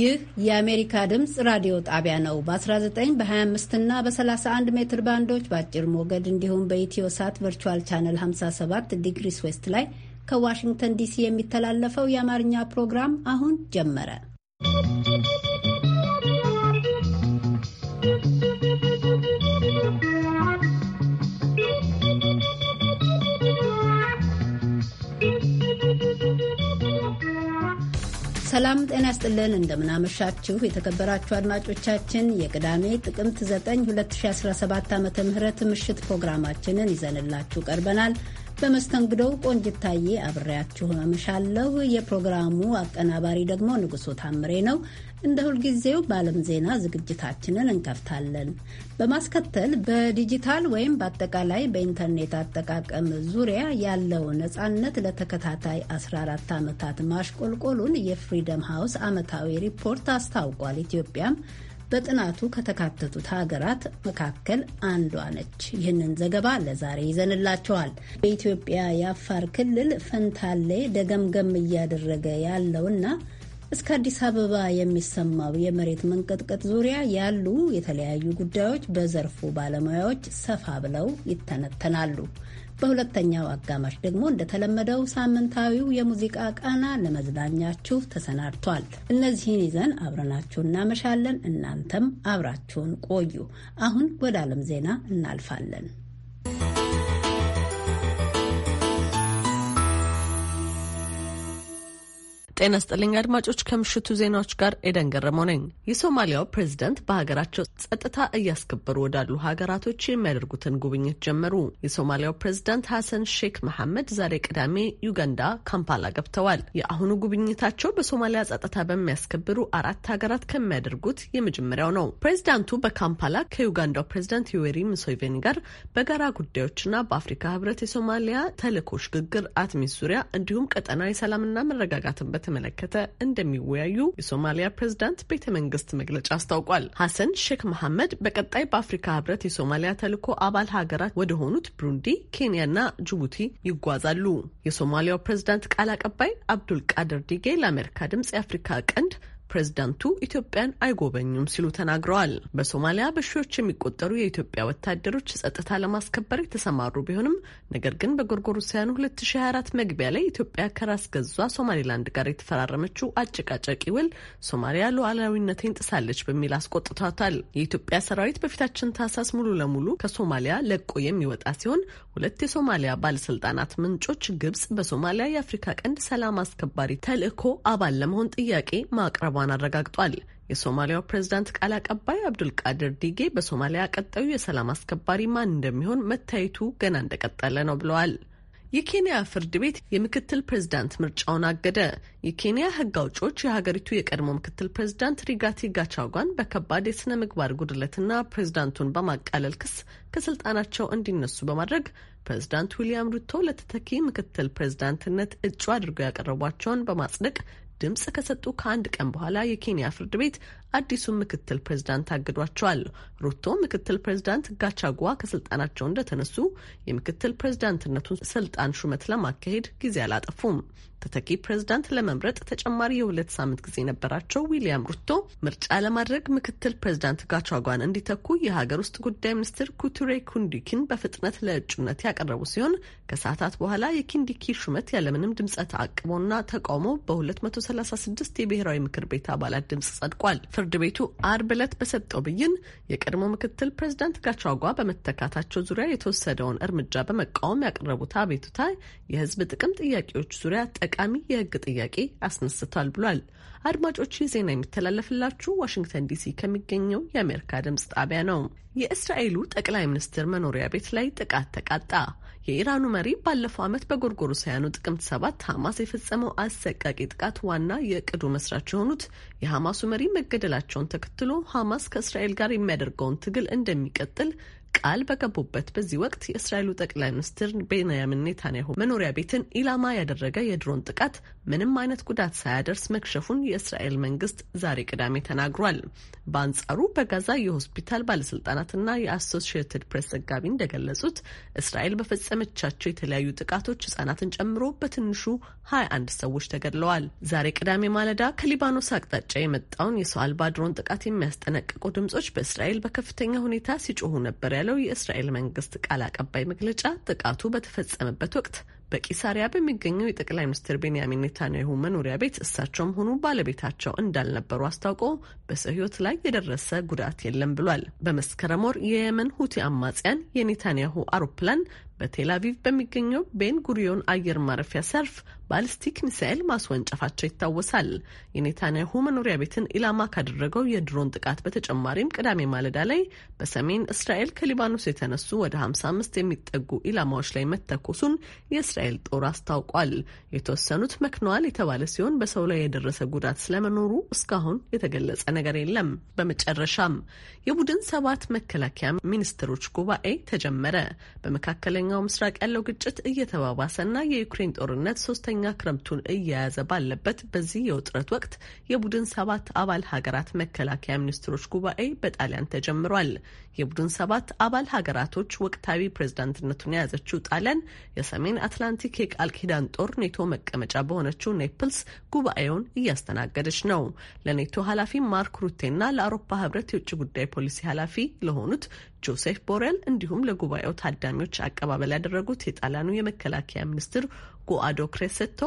ይህ የአሜሪካ ድምፅ ራዲዮ ጣቢያ ነው። በ19 በ25 እና በ31 ሜትር ባንዶች በአጭር ሞገድ እንዲሁም በኢትዮ ሳት ቨርቹዋል ቻነል 57 ዲግሪስ ዌስት ላይ ከዋሽንግተን ዲሲ የሚተላለፈው የአማርኛ ፕሮግራም አሁን ጀመረ። ሰላም ጤና ያስጥልን። እንደምናመሻችሁ የተከበራችሁ አድማጮቻችን የቅዳሜ ጥቅምት 9 2017 ዓ ም ምሽት ፕሮግራማችንን ይዘንላችሁ ቀርበናል። በመስተንግዶው ቆንጅታዬ አብሬያችሁ አመሻለሁ። የፕሮግራሙ አቀናባሪ ደግሞ ንጉሶ ታምሬ ነው። እንደ ሁልጊዜው በዓለም ዜና ዝግጅታችንን እንከፍታለን። በማስከተል በዲጂታል ወይም በአጠቃላይ በኢንተርኔት አጠቃቀም ዙሪያ ያለው ነጻነት ለተከታታይ 14 ዓመታት ማሽቆልቆሉን የፍሪደም ሃውስ ዓመታዊ ሪፖርት አስታውቋል። ኢትዮጵያም በጥናቱ ከተካተቱት ሀገራት መካከል አንዷ ነች። ይህንን ዘገባ ለዛሬ ይዘንላቸዋል። በኢትዮጵያ የአፋር ክልል ፈንታሌ ደገምገም እያደረገ ያለውና እስከ አዲስ አበባ የሚሰማው የመሬት መንቀጥቀጥ ዙሪያ ያሉ የተለያዩ ጉዳዮች በዘርፉ ባለሙያዎች ሰፋ ብለው ይተነተናሉ። በሁለተኛው አጋማሽ ደግሞ እንደተለመደው ሳምንታዊው የሙዚቃ ቃና ለመዝናኛችሁ ተሰናድቷል። እነዚህን ይዘን አብረናችሁ እናመሻለን። እናንተም አብራችሁን ቆዩ። አሁን ወደ ዓለም ዜና እናልፋለን። ጤና ስጥልኝ አድማጮች፣ ከምሽቱ ዜናዎች ጋር ኤደን ገረመው ነኝ። የሶማሊያው ፕሬዚደንት በሀገራቸው ጸጥታ እያስከበሩ ወዳሉ ሀገራቶች የሚያደርጉትን ጉብኝት ጀመሩ። የሶማሊያው ፕሬዝዳንት ሐሰን ሼክ መሐመድ ዛሬ ቅዳሜ ዩጋንዳ ካምፓላ ገብተዋል። የአሁኑ ጉብኝታቸው በሶማሊያ ጸጥታ በሚያስከብሩ አራት ሀገራት ከሚያደርጉት የመጀመሪያው ነው። ፕሬዚዳንቱ በካምፓላ ከዩጋንዳው ፕሬዝዳንት ዩዌሪ ሙሴቬኒ ጋር በጋራ ጉዳዮችና በአፍሪካ ህብረት የሶማሊያ ተልዕኮ ሽግግር አትሚስ ዙሪያ እንዲሁም ቀጠናዊ ሰላምና መረጋጋትን በተ በተመለከተ እንደሚወያዩ የሶማሊያ ፕሬዝዳንት ቤተ መንግስት መግለጫ አስታውቋል። ሐሰን ሼክ መሐመድ በቀጣይ በአፍሪካ ህብረት የሶማሊያ ተልዕኮ አባል ሀገራት ወደሆኑት ብሩንዲ፣ ኬንያና ጅቡቲ ይጓዛሉ። የሶማሊያው ፕሬዝዳንት ቃል አቀባይ አብዱል ቃድር ዲጌ ለአሜሪካ ድምጽ የአፍሪካ ቀንድ ፕሬዝዳንቱ ኢትዮጵያን አይጎበኙም ሲሉ ተናግረዋል። በሶማሊያ በሺዎች የሚቆጠሩ የኢትዮጵያ ወታደሮች ጸጥታ ለማስከበር የተሰማሩ ቢሆንም ነገር ግን በጎርጎሮሳውያኑ 2024 መግቢያ ላይ ኢትዮጵያ ከራስ ገዟ ሶማሌላንድ ጋር የተፈራረመችው አጨቃጫቂ ውል ሶማሊያ ሉዓላዊነቴን ጥሳለች በሚል አስቆጥቷታል። የኢትዮጵያ ሰራዊት በፊታችን ታህሳስ ሙሉ ለሙሉ ከሶማሊያ ለቆ የሚወጣ ሲሆን ሁለት የሶማሊያ ባለስልጣናት ምንጮች ግብጽ በሶማሊያ የአፍሪካ ቀንድ ሰላም አስከባሪ ተልዕኮ አባል ለመሆን ጥያቄ ማቅረቧ መረከቧን አረጋግጧል። የሶማሊያው ፕሬዚዳንት ቃል አቀባይ አብዱልቃድር ዲጌ በሶማሊያ ቀጣዩ የሰላም አስከባሪ ማን እንደሚሆን መታየቱ ገና እንደቀጠለ ነው ብለዋል። የኬንያ ፍርድ ቤት የምክትል ፕሬዝዳንት ምርጫውን አገደ። የኬንያ ሕግ አውጪዎች የሀገሪቱ የቀድሞ ምክትል ፕሬዝዳንት ሪጋቲ ጋቻጓን በከባድ የሥነ ምግባር ጉድለትና ፕሬዝዳንቱን በማቃለል ክስ ከስልጣናቸው እንዲነሱ በማድረግ ፕሬዝዳንት ዊልያም ሩቶ ለተተኪ ምክትል ፕሬዝዳንትነት እጩ አድርገው ያቀረቧቸውን በማጽደቅ ድምፅ ከሰጡ ከአንድ ቀን በኋላ የኬንያ ፍርድ ቤት አዲሱን ምክትል ፕሬዝዳንት አግዷቸዋል። ሩቶ ምክትል ፕሬዝዳንት ጋቻጓ ከስልጣናቸው እንደተነሱ የምክትል ፕሬዝዳንትነቱን ስልጣን ሹመት ለማካሄድ ጊዜ አላጠፉም። ተተኪ ፕሬዝዳንት ለመምረጥ ተጨማሪ የሁለት ሳምንት ጊዜ ነበራቸው። ዊሊያም ሩቶ ምርጫ ለማድረግ ምክትል ፕሬዝዳንት ጋቻጓን እንዲተኩ የሀገር ውስጥ ጉዳይ ሚኒስትር ኩቱሬ ኩንዲኪን በፍጥነት ለእጩነት ያቀረቡ ሲሆን ከሰዓታት በኋላ የኪንዲኪ ሹመት ያለምንም ድምፀ ተአቅቦና ተቃውሞ በ236 የብሔራዊ ምክር ቤት አባላት ድምጽ ጸድቋል። ፍርድ ቤቱ አርብ ዕለት በሰጠው ብይን የቀድሞ ምክትል ፕሬዚዳንት ጋቻጓ በመተካታቸው ዙሪያ የተወሰደውን እርምጃ በመቃወም ያቀረቡት አቤቱታ የሕዝብ ጥቅም ጥያቄዎች ዙሪያ ጠቃሚ የሕግ ጥያቄ አስነስቷል ብሏል። አድማጮች ይህ ዜና የሚተላለፍላችሁ ዋሽንግተን ዲሲ ከሚገኘው የአሜሪካ ድምጽ ጣቢያ ነው። የእስራኤሉ ጠቅላይ ሚኒስትር መኖሪያ ቤት ላይ ጥቃት ተቃጣ። የኢራኑ መሪ ባለፈው ዓመት በጎርጎሮሳውያኑ ጥቅምት ሰባት ሐማስ የፈጸመው አሰቃቂ ጥቃት ዋና የእቅዱ መስራች የሆኑት የሐማሱ መሪ መገደላቸውን ተከትሎ ሐማስ ከእስራኤል ጋር የሚያደርገውን ትግል እንደሚቀጥል ቃል በገቡበት በዚህ ወቅት የእስራኤሉ ጠቅላይ ሚኒስትር ቤንያሚን ኔታንያሁ መኖሪያ ቤትን ኢላማ ያደረገ የድሮን ጥቃት ምንም አይነት ጉዳት ሳያደርስ መክሸፉን የእስራኤል መንግስት ዛሬ ቅዳሜ ተናግሯል። በአንጻሩ በጋዛ የሆስፒታል ባለስልጣናትና የአሶሺየትድ ፕሬስ ዘጋቢ እንደገለጹት እስራኤል በፈጸመቻቸው የተለያዩ ጥቃቶች ህጻናትን ጨምሮ በትንሹ 21 ሰዎች ተገድለዋል። ዛሬ ቅዳሜ ማለዳ ከሊባኖስ አቅጣጫ የመጣውን የሰው አልባ ድሮን ጥቃት የሚያስጠነቅቁ ድምጾች በእስራኤል በከፍተኛ ሁኔታ ሲጮሁ ነበር ያለው ያለው የእስራኤል መንግስት ቃል አቀባይ መግለጫ ጥቃቱ በተፈጸመበት ወቅት በቂሳሪያ በሚገኘው የጠቅላይ ሚኒስትር ቤንያሚን ኔታንያሁ መኖሪያ ቤት እሳቸውም ሆኑ ባለቤታቸው እንዳልነበሩ አስታውቆ በሰው ሕይወት ላይ የደረሰ ጉዳት የለም ብሏል። በመስከረም ወር የየመን ሁቲ አማጽያን የኔታንያሁ አውሮፕላን በቴል አቪቭ በሚገኘው ቤን ጉሪዮን አየር ማረፊያ ሰርፍ ባሊስቲክ ሚሳኤል ማስወንጨፋቸው ይታወሳል። የኔታንያሁ መኖሪያ ቤትን ኢላማ ካደረገው የድሮን ጥቃት በተጨማሪም ቅዳሜ ማለዳ ላይ በሰሜን እስራኤል ከሊባኖስ የተነሱ ወደ 55 የሚጠጉ ኢላማዎች ላይ መተኮሱን የእስራኤል ጦር አስታውቋል። የተወሰኑት መክነዋል የተባለ ሲሆን በሰው ላይ የደረሰ ጉዳት ስለመኖሩ እስካሁን የተገለጸ ነገር የለም። በመጨረሻም የቡድን ሰባት መከላከያ ሚኒስትሮች ጉባኤ ተጀመረ። በመካከለኛ በመካከለኛው ምስራቅ ያለው ግጭት እየተባባሰና የዩክሬን ጦርነት ሶስተኛ ክረምቱን እየያዘ ባለበት በዚህ የውጥረት ወቅት የቡድን ሰባት አባል ሀገራት መከላከያ ሚኒስትሮች ጉባኤ በጣሊያን ተጀምሯል። የቡድን ሰባት አባል ሀገራቶች ወቅታዊ ፕሬዝዳንትነቱን የያዘችው ጣሊያን የሰሜን አትላንቲክ የቃል ኪዳን ጦር ኔቶ መቀመጫ በሆነችው ኔፕልስ ጉባኤውን እያስተናገደች ነው። ለኔቶ ኃላፊ ማርክ ሩቴና ለአውሮፓ ህብረት የውጭ ጉዳይ ፖሊሲ ኃላፊ ለሆኑት ጆሴፍ ቦሬል እንዲሁም ለጉባኤው ታዳሚዎች አቀባበል ያደረጉት የጣሊያኑ የመከላከያ ሚኒስትር ጉአዶ ክሬሴቶ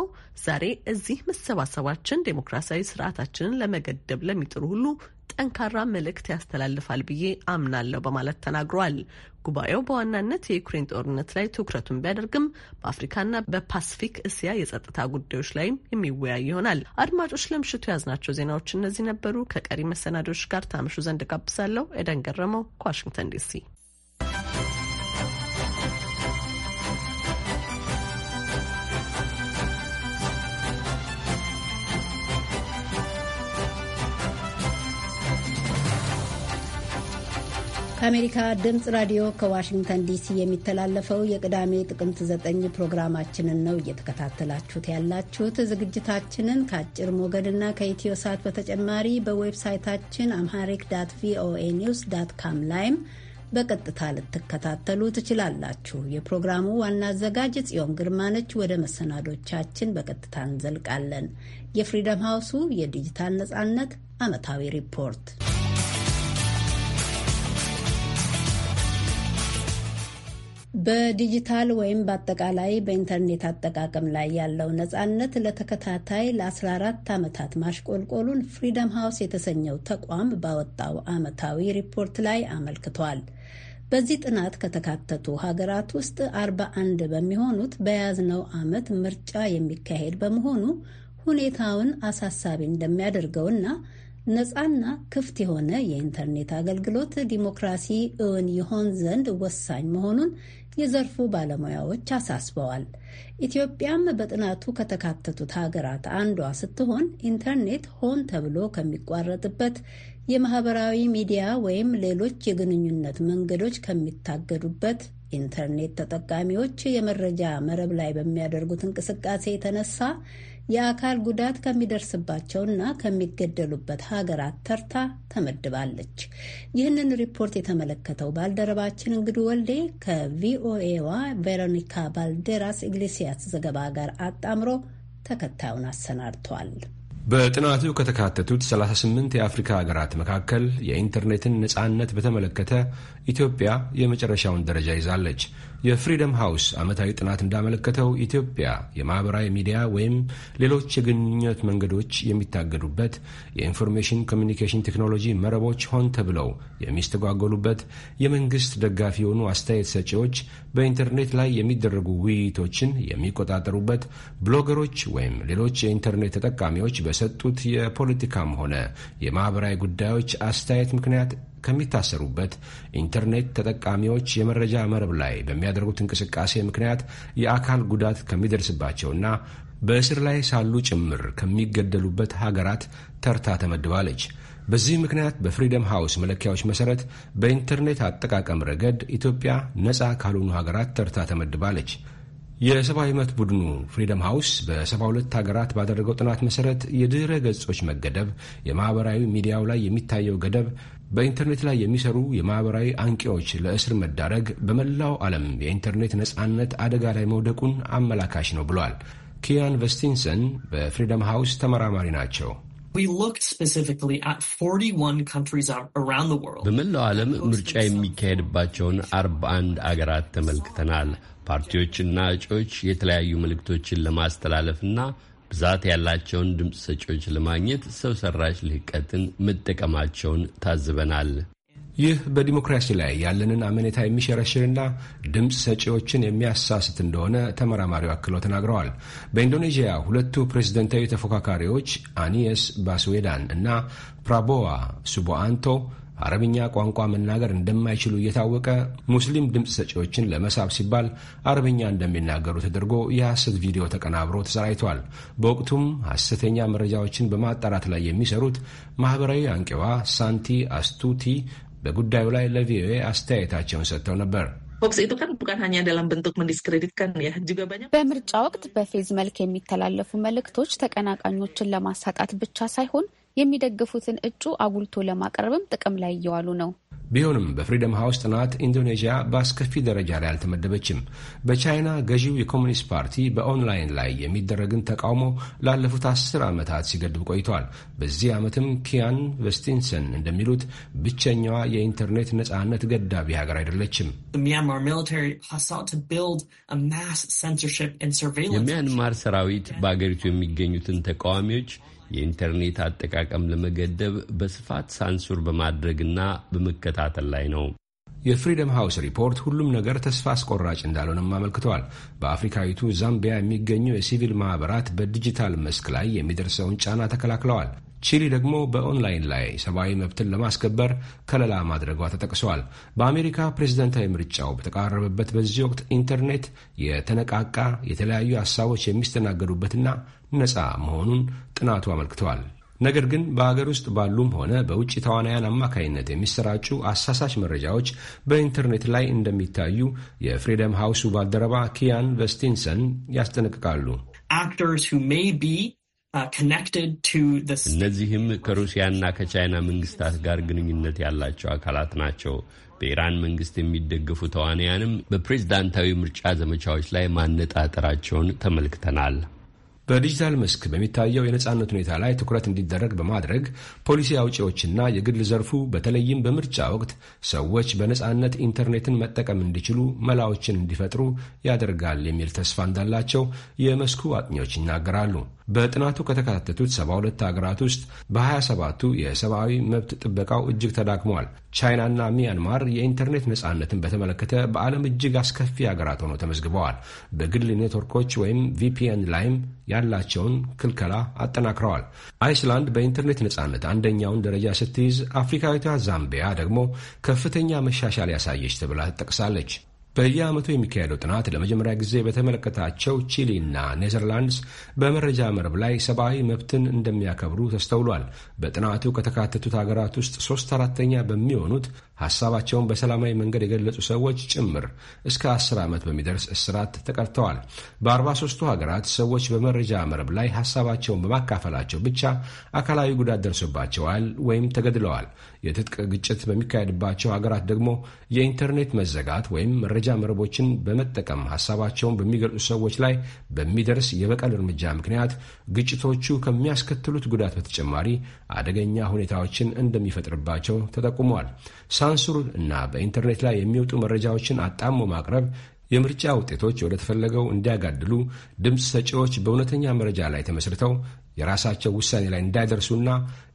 ዛሬ እዚህ መሰባሰባችን ዴሞክራሲያዊ ስርዓታችንን ለመገደብ ለሚጥሩ ሁሉ ጠንካራ መልእክት ያስተላልፋል ብዬ አምናለሁ በማለት ተናግሯል። ጉባኤው በዋናነት የዩክሬን ጦርነት ላይ ትኩረቱን ቢያደርግም በአፍሪካና በፓስፊክ እስያ የጸጥታ ጉዳዮች ላይም የሚወያይ ይሆናል። አድማጮች፣ ለምሽቱ የያዝናቸው ዜናዎች እነዚህ ነበሩ። ከቀሪ መሰናዶች ጋር ታምሹ ዘንድ ጋብዛለሁ። ኤደን ገረመው ከዋሽንግተን ዲሲ ከአሜሪካ ድምፅ ራዲዮ ከዋሽንግተን ዲሲ የሚተላለፈው የቅዳሜ ጥቅምት ዘጠኝ ፕሮግራማችንን ነው እየተከታተላችሁት ያላችሁት። ዝግጅታችንን ከአጭር ሞገድና ከኢትዮ ሳት በተጨማሪ በዌብሳይታችን አምሃሪክ ዳት ቪኦኤ ኒውስ ዳት ካም ላይም በቀጥታ ልትከታተሉ ትችላላችሁ። የፕሮግራሙ ዋና አዘጋጅ ጽዮን ግርማነች። ወደ መሰናዶቻችን በቀጥታ እንዘልቃለን። የፍሪደም ሃውሱ የዲጂታል ነጻነት ዓመታዊ ሪፖርት በዲጂታል ወይም በአጠቃላይ በኢንተርኔት አጠቃቀም ላይ ያለው ነጻነት ለተከታታይ ለ14 ዓመታት ማሽቆልቆሉን ፍሪደም ሃውስ የተሰኘው ተቋም ባወጣው ዓመታዊ ሪፖርት ላይ አመልክቷል። በዚህ ጥናት ከተካተቱ ሀገራት ውስጥ 41 በሚሆኑት በያዝነው ዓመት ምርጫ የሚካሄድ በመሆኑ ሁኔታውን አሳሳቢ እንደሚያደርገውና ነፃና ክፍት የሆነ የኢንተርኔት አገልግሎት ዲሞክራሲ እውን ይሆን ዘንድ ወሳኝ መሆኑን የዘርፉ ባለሙያዎች አሳስበዋል። ኢትዮጵያም በጥናቱ ከተካተቱት ሀገራት አንዷ ስትሆን ኢንተርኔት ሆን ተብሎ ከሚቋረጥበት የማህበራዊ ሚዲያ ወይም ሌሎች የግንኙነት መንገዶች ከሚታገዱበት ኢንተርኔት ተጠቃሚዎች የመረጃ መረብ ላይ በሚያደርጉት እንቅስቃሴ የተነሳ የአካል ጉዳት ከሚደርስባቸውና ከሚገደሉበት ሀገራት ተርታ ተመድባለች። ይህንን ሪፖርት የተመለከተው ባልደረባችን እንግዲ ወልዴ ከቪኦኤዋ ቬሮኒካ ባልዴራስ ኢግሌሲያስ ዘገባ ጋር አጣምሮ ተከታዩን አሰናድቷል። በጥናቱ ከተካተቱት 38 የአፍሪካ ሀገራት መካከል የኢንተርኔትን ነጻነት በተመለከተ ኢትዮጵያ የመጨረሻውን ደረጃ ይዛለች። የፍሪደም ሃውስ ዓመታዊ ጥናት እንዳመለከተው ኢትዮጵያ የማኅበራዊ ሚዲያ ወይም ሌሎች የግንኙነት መንገዶች የሚታገዱበት፣ የኢንፎርሜሽን ኮሚኒኬሽን ቴክኖሎጂ መረቦች ሆን ተብለው የሚስተጓገሉበት የመንግሥት ደጋፊ የሆኑ አስተያየት ሰጪዎች በኢንተርኔት ላይ የሚደረጉ ውይይቶችን የሚቆጣጠሩበት፣ ብሎገሮች ወይም ሌሎች የኢንተርኔት ተጠቃሚዎች በሰጡት የፖለቲካም ሆነ የማኅበራዊ ጉዳዮች አስተያየት ምክንያት ከሚታሰሩበት ኢንተርኔት ተጠቃሚዎች የመረጃ መረብ ላይ በሚያደርጉት እንቅስቃሴ ምክንያት የአካል ጉዳት ከሚደርስባቸውና በእስር ላይ ሳሉ ጭምር ከሚገደሉበት ሀገራት ተርታ ተመድባለች። በዚህ ምክንያት በፍሪደም ሃውስ መለኪያዎች መሰረት በኢንተርኔት አጠቃቀም ረገድ ኢትዮጵያ ነፃ ካልሆኑ ሀገራት ተርታ ተመድባለች። የሰብአዊ መብት ቡድኑ ፍሪደም ሃውስ በ72 ሀገራት ባደረገው ጥናት መሰረት የድረ ገጾች መገደብ፣ የማኅበራዊ ሚዲያው ላይ የሚታየው ገደብ፣ በኢንተርኔት ላይ የሚሰሩ የማኅበራዊ አንቂዎች ለእስር መዳረግ በመላው ዓለም የኢንተርኔት ነጻነት አደጋ ላይ መውደቁን አመላካሽ ነው ብሏል። ኪያን ቨስቲንሰን በፍሪደም ሃውስ ተመራማሪ ናቸው። በመላው ዓለም ምርጫ የሚካሄድባቸውን 41 አገራት ተመልክተናል። ፓርቲዎችና እጩዎች የተለያዩ መልእክቶችን ለማስተላለፍና ብዛት ያላቸውን ድምፅ ሰጪዎች ለማግኘት ሰው ሰራሽ ልህቀትን መጠቀማቸውን ታዝበናል። ይህ በዲሞክራሲ ላይ ያለንን አመኔታ የሚሸረሽርና ድምፅ ሰጪዎችን የሚያሳስት እንደሆነ ተመራማሪው አክለው ተናግረዋል። በኢንዶኔዥያ ሁለቱ ፕሬዝደንታዊ ተፎካካሪዎች አኒየስ ባስዌዳን እና ፕራቦዋ ሱቦአንቶ አረብኛ ቋንቋ መናገር እንደማይችሉ እየታወቀ ሙስሊም ድምፅ ሰጪዎችን ለመሳብ ሲባል አረብኛ እንደሚናገሩ ተደርጎ የሐሰት ቪዲዮ ተቀናብሮ ተሰራይቷል። በወቅቱም ሐሰተኛ መረጃዎችን በማጣራት ላይ የሚሰሩት ማኅበራዊ አንቂዋ ሳንቲ አስቱቲ በጉዳዩ ላይ ለቪኦኤ አስተያየታቸውን ሰጥተው ነበር። በምርጫ ወቅት በፌዝ መልክ የሚተላለፉ መልእክቶች ተቀናቃኞችን ለማሳጣት ብቻ ሳይሆን የሚደግፉትን እጩ አጉልቶ ለማቅረብም ጥቅም ላይ እየዋሉ ነው። ቢሆንም በፍሪደም ሃውስ ጥናት ኢንዶኔዥያ በአስከፊ ደረጃ ላይ አልተመደበችም። በቻይና ገዢው የኮሚኒስት ፓርቲ በኦንላይን ላይ የሚደረግን ተቃውሞ ላለፉት አስር ዓመታት ሲገድብ ቆይቷል። በዚህ ዓመትም ኪያን ቨስቲንሰን እንደሚሉት ብቸኛዋ የኢንተርኔት ነጻነት ገዳቢ ሀገር አይደለችም። የሚያንማር ሰራዊት በአገሪቱ የሚገኙትን ተቃዋሚዎች የኢንተርኔት አጠቃቀም ለመገደብ በስፋት ሳንሱር በማድረግና በመከታተል ላይ ነው። የፍሪደም ሃውስ ሪፖርት ሁሉም ነገር ተስፋ አስቆራጭ እንዳልሆነም አመልክተዋል። በአፍሪካዊቱ ዛምቢያ የሚገኙ የሲቪል ማኅበራት በዲጂታል መስክ ላይ የሚደርሰውን ጫና ተከላክለዋል። ቺሊ ደግሞ በኦንላይን ላይ ሰብአዊ መብትን ለማስከበር ከለላ ማድረጓ ተጠቅሰዋል። በአሜሪካ ፕሬዝደንታዊ ምርጫው በተቃረበበት በዚህ ወቅት ኢንተርኔት የተነቃቃ የተለያዩ ሀሳቦች የሚስተናገዱበትና ነፃ መሆኑን ጥናቱ አመልክተዋል። ነገር ግን በአገር ውስጥ ባሉም ሆነ በውጭ ተዋናያን አማካይነት የሚሰራጩ አሳሳች መረጃዎች በኢንተርኔት ላይ እንደሚታዩ የፍሪደም ሃውሱ ባልደረባ ኪያን ቨስቲንሰን ያስጠነቅቃሉ። uh, እነዚህም ከሩሲያና ከቻይና መንግስታት ጋር ግንኙነት ያላቸው አካላት ናቸው። በኢራን መንግስት የሚደገፉ ተዋናያንም በፕሬዝዳንታዊ ምርጫ ዘመቻዎች ላይ ማነጣጠራቸውን ተመልክተናል። በዲጂታል መስክ በሚታየው የነጻነት ሁኔታ ላይ ትኩረት እንዲደረግ በማድረግ ፖሊሲ አውጪዎችና የግል ዘርፉ በተለይም በምርጫ ወቅት ሰዎች በነጻነት ኢንተርኔትን መጠቀም እንዲችሉ መላዎችን እንዲፈጥሩ ያደርጋል የሚል ተስፋ እንዳላቸው የመስኩ አጥኚዎች ይናገራሉ። በጥናቱ ከተከታተቱት 72 ሀገራት ውስጥ በ27ቱ የሰብአዊ መብት ጥበቃው እጅግ ተዳክሟል፣ ቻይናና ሚያንማር የኢንተርኔት ነጻነትን በተመለከተ በዓለም እጅግ አስከፊ ሀገራት ሆነው ተመዝግበዋል። በግል ኔትወርኮች ወይም ቪፒኤን ላይም ያላቸውን ክልከላ አጠናክረዋል። አይስላንድ በኢንተርኔት ነጻነት አንደኛውን ደረጃ ስትይዝ፣ አፍሪካዊቷ ዛምቢያ ደግሞ ከፍተኛ መሻሻል ያሳየች ተብላ ትጠቅሳለች። በየዓመቱ የሚካሄደው ጥናት ለመጀመሪያ ጊዜ በተመለከታቸው ቺሊ እና ኔዘርላንድስ በመረጃ መረብ ላይ ሰብአዊ መብትን እንደሚያከብሩ ተስተውሏል። በጥናቱ ከተካተቱት ሀገራት ውስጥ ሶስት አራተኛ በሚሆኑት ሐሳባቸውን በሰላማዊ መንገድ የገለጹ ሰዎች ጭምር እስከ 10 ዓመት በሚደርስ እስራት ተቀርተዋል። 43 ሀገራት ሰዎች በመረጃ መረብ ላይ ሐሳባቸውን በማካፈላቸው ብቻ አካላዊ ጉዳት ደርሶባቸዋል ወይም ተገድለዋል። የትጥቅ ግጭት በሚካሄድባቸው ሀገራት ደግሞ የኢንተርኔት መዘጋት ወይም መረጃ መረቦችን በመጠቀም ሐሳባቸውን በሚገልጹ ሰዎች ላይ በሚደርስ የበቀል እርምጃ ምክንያት ግጭቶቹ ከሚያስከትሉት ጉዳት በተጨማሪ አደገኛ ሁኔታዎችን እንደሚፈጥርባቸው ተጠቁሟል። ሳንሱር እና በኢንተርኔት ላይ የሚወጡ መረጃዎችን አጣሞ ማቅረብ የምርጫ ውጤቶች ወደ ተፈለገው እንዲያጋድሉ ድምፅ ሰጪዎች በእውነተኛ መረጃ ላይ ተመስርተው የራሳቸው ውሳኔ ላይ እንዳይደርሱና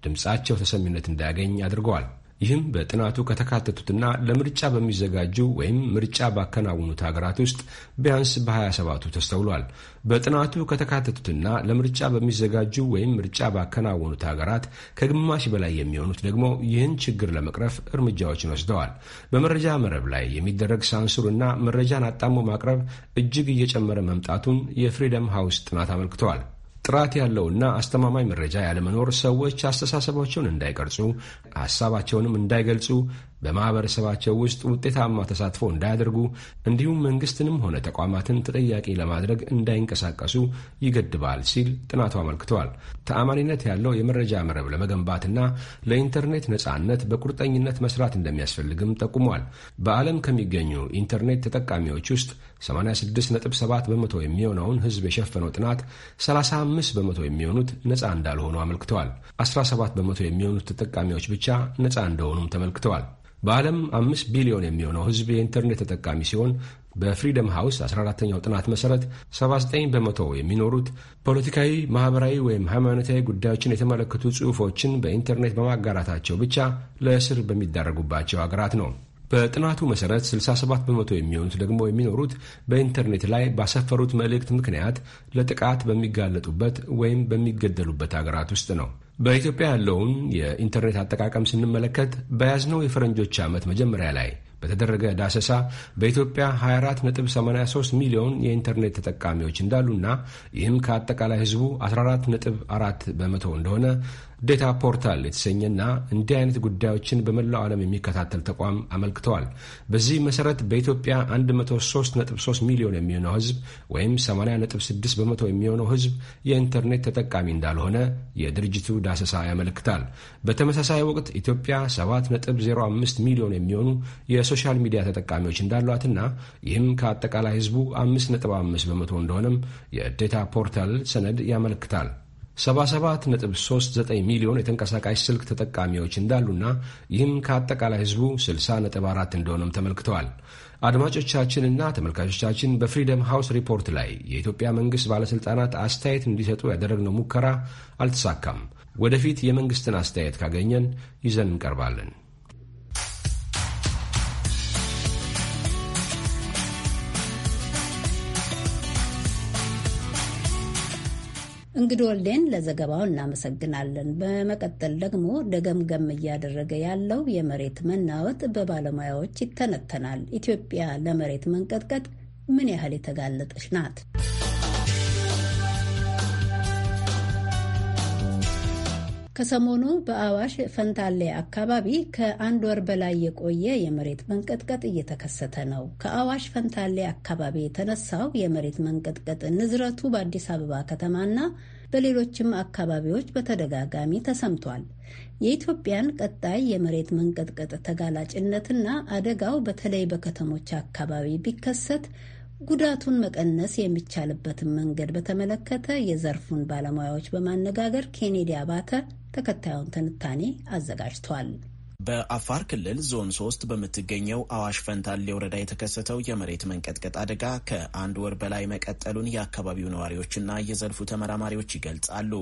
ድምፃቸው ተሰሚነት እንዳያገኝ አድርገዋል። ይህም በጥናቱ ከተካተቱትና ለምርጫ በሚዘጋጁ ወይም ምርጫ ባከናወኑት ሀገራት ውስጥ ቢያንስ በ27ቱ ተስተውሏል። በጥናቱ ከተካተቱትና ለምርጫ በሚዘጋጁ ወይም ምርጫ ባከናወኑት ሀገራት ከግማሽ በላይ የሚሆኑት ደግሞ ይህን ችግር ለመቅረፍ እርምጃዎችን ወስደዋል። በመረጃ መረብ ላይ የሚደረግ ሳንሱርና መረጃን አጣሞ ማቅረብ እጅግ እየጨመረ መምጣቱን የፍሪደም ሃውስ ጥናት አመልክተዋል። ጥራት ያለውና አስተማማኝ መረጃ ያለመኖር ሰዎች አስተሳሰባቸውን እንዳይቀርጹ፣ ሀሳባቸውንም እንዳይገልጹ፣ በማህበረሰባቸው ውስጥ ውጤታማ ተሳትፎ እንዳያደርጉ እንዲሁም መንግስትንም ሆነ ተቋማትን ተጠያቂ ለማድረግ እንዳይንቀሳቀሱ ይገድባል ሲል ጥናቱ አመልክተዋል። ተአማኒነት ያለው የመረጃ መረብ ለመገንባትና ለኢንተርኔት ነጻነት በቁርጠኝነት መስራት እንደሚያስፈልግም ጠቁሟል። በዓለም ከሚገኙ ኢንተርኔት ተጠቃሚዎች ውስጥ 86.7 በመቶ የሚሆነውን ህዝብ የሸፈነው ጥናት 35 በመቶ የሚሆኑት ነፃ እንዳልሆኑ አመልክተዋል። 17 በመቶ የሚሆኑት ተጠቃሚዎች ብቻ ነፃ እንደሆኑም ተመልክተዋል። በዓለም አምስት ቢሊዮን የሚሆነው ህዝብ የኢንተርኔት ተጠቃሚ ሲሆን በፍሪደም ሃውስ 14ተኛው ጥናት መሠረት 79 በመቶ የሚኖሩት ፖለቲካዊ፣ ማኅበራዊ ወይም ሃይማኖታዊ ጉዳዮችን የተመለከቱ ጽሑፎችን በኢንተርኔት በማጋራታቸው ብቻ ለእስር በሚዳረጉባቸው አገራት ነው። በጥናቱ መሠረት 67 በመቶ የሚሆኑት ደግሞ የሚኖሩት በኢንተርኔት ላይ ባሰፈሩት መልእክት ምክንያት ለጥቃት በሚጋለጡበት ወይም በሚገደሉበት አገራት ውስጥ ነው። በኢትዮጵያ ያለውን የኢንተርኔት አጠቃቀም ስንመለከት በያዝነው የፈረንጆች ዓመት መጀመሪያ ላይ በተደረገ ዳሰሳ በኢትዮጵያ 24.83 ሚሊዮን የኢንተርኔት ተጠቃሚዎች እንዳሉና ይህም ከአጠቃላይ ሕዝቡ 14.4 በመቶ እንደሆነ ዴታ ፖርታል የተሰኘና እንዲህ አይነት ጉዳዮችን በመላው ዓለም የሚከታተል ተቋም አመልክተዋል። በዚህ መሰረት በኢትዮጵያ 103.3 ሚሊዮን የሚሆነው ህዝብ ወይም 80.6 በመቶ የሚሆነው ህዝብ የኢንተርኔት ተጠቃሚ እንዳልሆነ የድርጅቱ ዳሰሳ ያመለክታል። በተመሳሳይ ወቅት ኢትዮጵያ 7.05 ሚሊዮን የሚሆኑ የሶሻል ሚዲያ ተጠቃሚዎች እንዳሏትና ይህም ከአጠቃላይ ህዝቡ 5.5 በመቶ እንደሆነም የዴታ ፖርታል ሰነድ ያመለክታል። 77.39 ሚሊዮን የተንቀሳቃሽ ስልክ ተጠቃሚዎች እንዳሉና ይህም ከአጠቃላይ ሕዝቡ 4 እንደሆነም ተመልክተዋል። አድማጮቻችንና ተመልካቾቻችን በፍሪደም ሃውስ ሪፖርት ላይ የኢትዮጵያ መንግሥት ባለሥልጣናት አስተያየት እንዲሰጡ ያደረግነው ሙከራ አልተሳካም። ወደፊት የመንግሥትን አስተያየት ካገኘን ይዘን እንቀርባለን። እንግዲ ወልዴን ለዘገባው እናመሰግናለን። በመቀጠል ደግሞ ደገምገም እያደረገ ያለው የመሬት መናወጥ በባለሙያዎች ይተነተናል። ኢትዮጵያ ለመሬት መንቀጥቀጥ ምን ያህል የተጋለጠች ናት? ከሰሞኑ በአዋሽ ፈንታሌ አካባቢ ከአንድ ወር በላይ የቆየ የመሬት መንቀጥቀጥ እየተከሰተ ነው። ከአዋሽ ፈንታሌ አካባቢ የተነሳው የመሬት መንቀጥቀጥ ንዝረቱ በአዲስ አበባ ከተማና በሌሎችም አካባቢዎች በተደጋጋሚ ተሰምቷል። የኢትዮጵያን ቀጣይ የመሬት መንቀጥቀጥ ተጋላጭነትና አደጋው በተለይ በከተሞች አካባቢ ቢከሰት ጉዳቱን መቀነስ የሚቻልበትን መንገድ በተመለከተ የዘርፉን ባለሙያዎች በማነጋገር ኬኔዲ አባተ ተከታዩን ትንታኔ አዘጋጅቷል። በአፋር ክልል ዞን ሶስት በምትገኘው አዋሽ ፈንታሌ ወረዳ የተከሰተው የመሬት መንቀጥቀጥ አደጋ ከአንድ ወር በላይ መቀጠሉን የአካባቢው ነዋሪዎችና የዘርፉ ተመራማሪዎች ይገልጻሉ።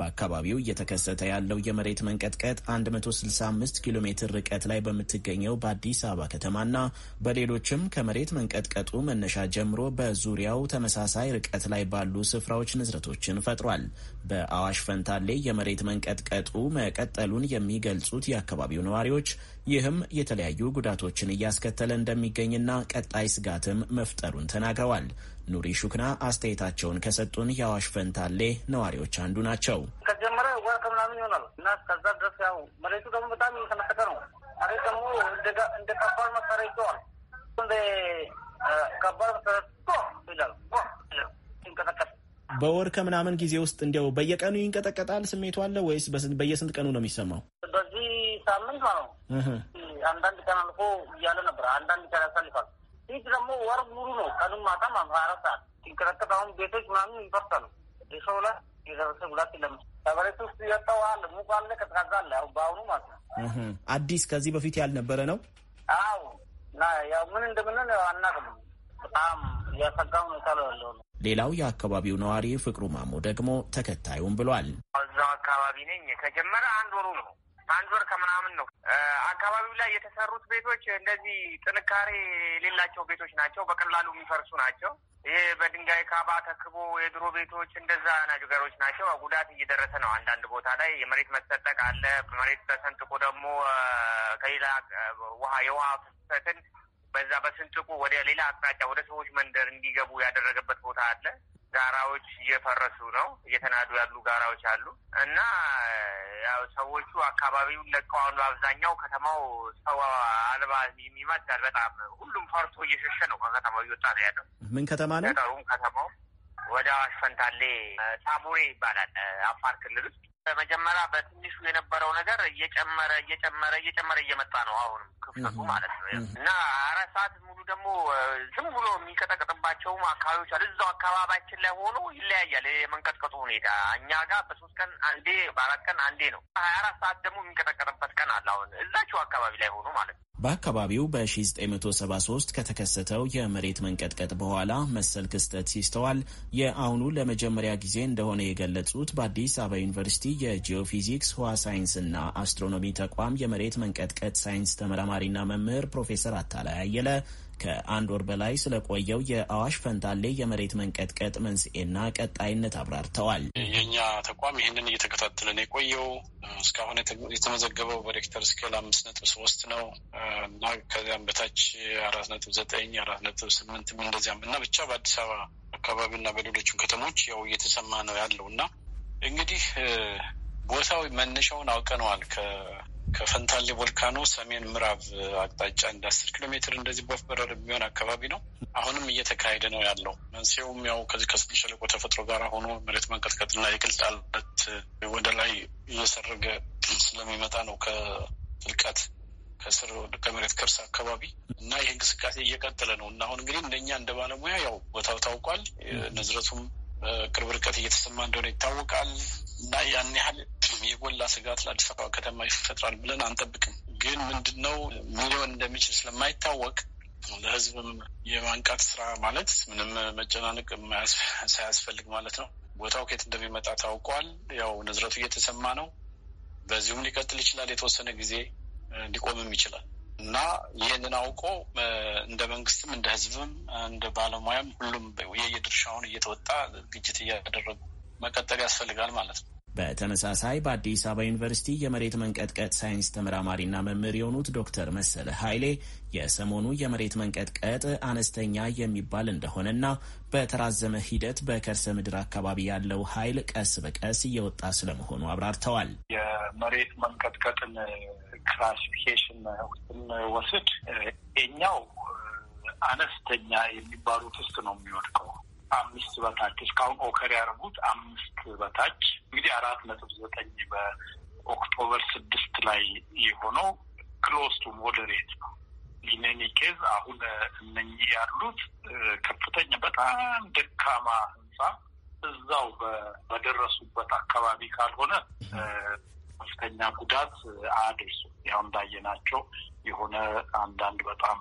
በአካባቢው እየተከሰተ ያለው የመሬት መንቀጥቀጥ 165 ኪሎ ሜትር ርቀት ላይ በምትገኘው በአዲስ አበባ ከተማና በሌሎችም ከመሬት መንቀጥቀጡ መነሻ ጀምሮ በዙሪያው ተመሳሳይ ርቀት ላይ ባሉ ስፍራዎች ንዝረቶችን ፈጥሯል። በአዋሽ ፈንታሌ የመሬት መንቀጥቀጡ መቀጠሉን የሚገልጹት የአካባቢው ነዋሪዎች ይህም የተለያዩ ጉዳቶችን እያስከተለ እንደሚገኝና ቀጣይ ስጋትም መፍጠሩን ተናግረዋል። ኑሪ ሹክና አስተያየታቸውን ከሰጡን የአዋሽ ፈንታሌ ነዋሪዎች አንዱ ናቸው። ከጀመረ ወር ከምናምን ይሆናል እና እስከዛ ድረስ ያው መሬቱ ደግሞ በጣም እየተመጠቀ ነው። መሬት ደግሞ እንደ ከባድ መሳሪያ ይዘዋል። እንደ ከባድ መሳሪያ ይላል በወር ከምናምን ጊዜ ውስጥ እንዲያው በየቀኑ ይንቀጠቀጣል። ስሜቱ አለ ወይስ በየስንት ቀኑ ነው የሚሰማው? በዚህ ሳምንት ማለት ነው። አንዳንድ ቀን አልፎ እያለ ነበር። አንዳንድ ቀን ያሳልፋል። ይህ ደግሞ ወር ሙሉ ነው። ቀኑን ማታ ማምራራት ሲንቀጠቀጥ አሁን ቤቶች ምናምን ይፈርሳሉ። የሰው ላይ የደረሰ ጉዳት የለም። ከመሬት ውስጥ የወጣው አለ፣ ሙቅ አለ፣ ቀዝቃዛ አለ። ያው በአሁኑ ማለት ነው አዲስ ከዚህ በፊት ያልነበረ ነው። አዎ እና ያው ምን እንደምንል አናውቅም። በጣም እያሰጋ ሁኔታ ነው ያለው። ሌላው የአካባቢው ነዋሪ ፍቅሩ ማሞ ደግሞ ተከታዩም ብሏል። እዛው አካባቢ ነኝ ከጀመረ አንድ ወሩ ነው አንድ ወር ከምናምን ነው። አካባቢው ላይ የተሰሩት ቤቶች እንደዚህ ጥንካሬ የሌላቸው ቤቶች ናቸው። በቀላሉ የሚፈርሱ ናቸው። ይሄ በድንጋይ ካባ ተክቦ የድሮ ቤቶች እንደዛ ነገሮች ናቸው። ጉዳት እየደረሰ ነው። አንዳንድ ቦታ ላይ የመሬት መሰጠቅ አለ። መሬት ተሰንጥቆ ደግሞ ከሌላ ውሃ የውሃ ፍሰትን በዛ በስንጥቁ ወደ ሌላ አቅጣጫ ወደ ሰዎች መንደር እንዲገቡ ያደረገበት ቦታ አለ። ጋራዎች እየፈረሱ ነው። እየተናዱ ያሉ ጋራዎች አሉ እና ያው ሰዎቹ አካባቢውን ለቀው አሉ። አብዛኛው ከተማው ሰው አልባ የሚመስል በጣም ሁሉም ፈርቶ እየሸሸ ነው። ከከተማው እየወጣ ነው ያለው። ምን ከተማ ነው? ገጠሩም ከተማው ወደ አዋሽ ፈንታሌ ሳቡሬ ይባላል አፋር ክልል ውስጥ በመጀመሪያ በትንሹ የነበረው ነገር እየጨመረ እየጨመረ እየጨመረ እየመጣ ነው። አሁን ክፍተቱ ማለት ነው እና አራት ሰዓት ሙሉ ደግሞ ዝም ብሎ የሚንቀጠቀጥባቸውም አካባቢዎች አሉ። እዛው አካባቢያችን ላይ ሆኖ ይለያያል የመንቀጥቀጡ ሁኔታ። እኛ ጋር በሶስት ቀን አንዴ፣ በአራት ቀን አንዴ ነው። ሀያ አራት ሰዓት ደግሞ የሚንቀጠቀጥበት ቀን አለ። አሁን እዛቸው አካባቢ ላይ ሆኖ ማለት ነው። በአካባቢው በ1973 ከተከሰተው የመሬት መንቀጥቀጥ በኋላ መሰል ክስተት ሲስተዋል የአሁኑ ለመጀመሪያ ጊዜ እንደሆነ የገለጹት በአዲስ አበባ ዩኒቨርሲቲ የጂኦፊዚክስ ህዋ ሳይንስና አስትሮኖሚ ተቋም የመሬት መንቀጥቀጥ ሳይንስ ተመራማሪና መምህር ፕሮፌሰር አታላይ አየለ ከአንድ ወር በላይ ስለቆየው የአዋሽ ፈንታሌ የመሬት መንቀጥቀጥ መንስኤና ቀጣይነት አብራርተዋል። የእኛ ተቋም ይህንን እየተከታተለን የቆየው እስካሁን የተመዘገበው በሬክተር ስኬል አምስት ነጥብ ሶስት ነው እና ከዚያም በታች አራት ነጥብ ዘጠኝ አራት ነጥብ ስምንት እንደዚያም እና ብቻ በአዲስ አበባ አካባቢና በሌሎችም ከተሞች ያው እየተሰማ ነው ያለው እና እንግዲህ ቦታው መነሻውን አውቀነዋል። ከፈንታሌ ቮልካኖ ሰሜን ምዕራብ አቅጣጫ እንደ አስር ኪሎ ሜትር እንደዚህ ቦፍ በረር የሚሆን አካባቢ ነው። አሁንም እየተካሄደ ነው ያለው። መንስኤውም ያው ከዚህ ከስምጥ ሸለቆ ተፈጥሮ ጋር ሆኖ መሬት መንቀጥቀጥና የቅልጣለት ወደ ላይ እየሰረገ ስለሚመጣ ነው ከጥልቀት ከስር ከመሬት ከርስ አካባቢ እና ይህ እንቅስቃሴ እየቀጠለ ነው እና አሁን እንግዲህ እንደኛ እንደ ባለሙያ ያው ቦታው ታውቋል። ንዝረቱም በቅርብ ርቀት እየተሰማ እንደሆነ ይታወቃል እና ያን ያህል የጎላ ስጋት ለአዲስ አበባ ከተማ ይፈጥራል ብለን አንጠብቅም። ግን ምንድን ነው ምን ሊሆን እንደሚችል ስለማይታወቅ ለህዝብም የማንቃት ስራ ማለት ምንም መጨናነቅ ሳያስፈልግ ማለት ነው። ቦታው ከየት እንደሚመጣ ታውቋል። ያው ንዝረቱ እየተሰማ ነው። በዚሁም ሊቀጥል ይችላል። የተወሰነ ጊዜ ሊቆምም ይችላል። እና ይህንን አውቆ እንደ መንግስትም እንደ ህዝብም እንደ ባለሙያም ሁሉም የየድርሻውን እየተወጣ ዝግጅት እያደረጉ መቀጠል ያስፈልጋል ማለት ነው። በተመሳሳይ በአዲስ አበባ ዩኒቨርሲቲ የመሬት መንቀጥቀጥ ሳይንስ ተመራማሪና መምህር የሆኑት ዶክተር መሰለ ኃይሌ የሰሞኑ የመሬት መንቀጥቀጥ አነስተኛ የሚባል እንደሆነና በተራዘመ ሂደት በከርሰ ምድር አካባቢ ያለው ኃይል ቀስ በቀስ እየወጣ ስለመሆኑ አብራርተዋል። የመሬት መንቀጥቀጥን ክላሲፊኬሽን ስንወስድ የኛው አነስተኛ የሚባሉት ውስጥ ነው የሚወድቀው አምስት በታች እስካሁን ኦከር ያደረጉት አምስት በታች እንግዲህ አራት ነጥብ ዘጠኝ በኦክቶበር ስድስት ላይ የሆነው ክሎስ ቱ ሞደሬት ነው። ሊነኒ ኬዝ አሁን እነኚህ ያሉት ከፍተኛ በጣም ደካማ ህንፃ እዛው በደረሱበት አካባቢ ካልሆነ ከፍተኛ ጉዳት አያደርሱ። ያው እንዳየናቸው የሆነ አንዳንድ በጣም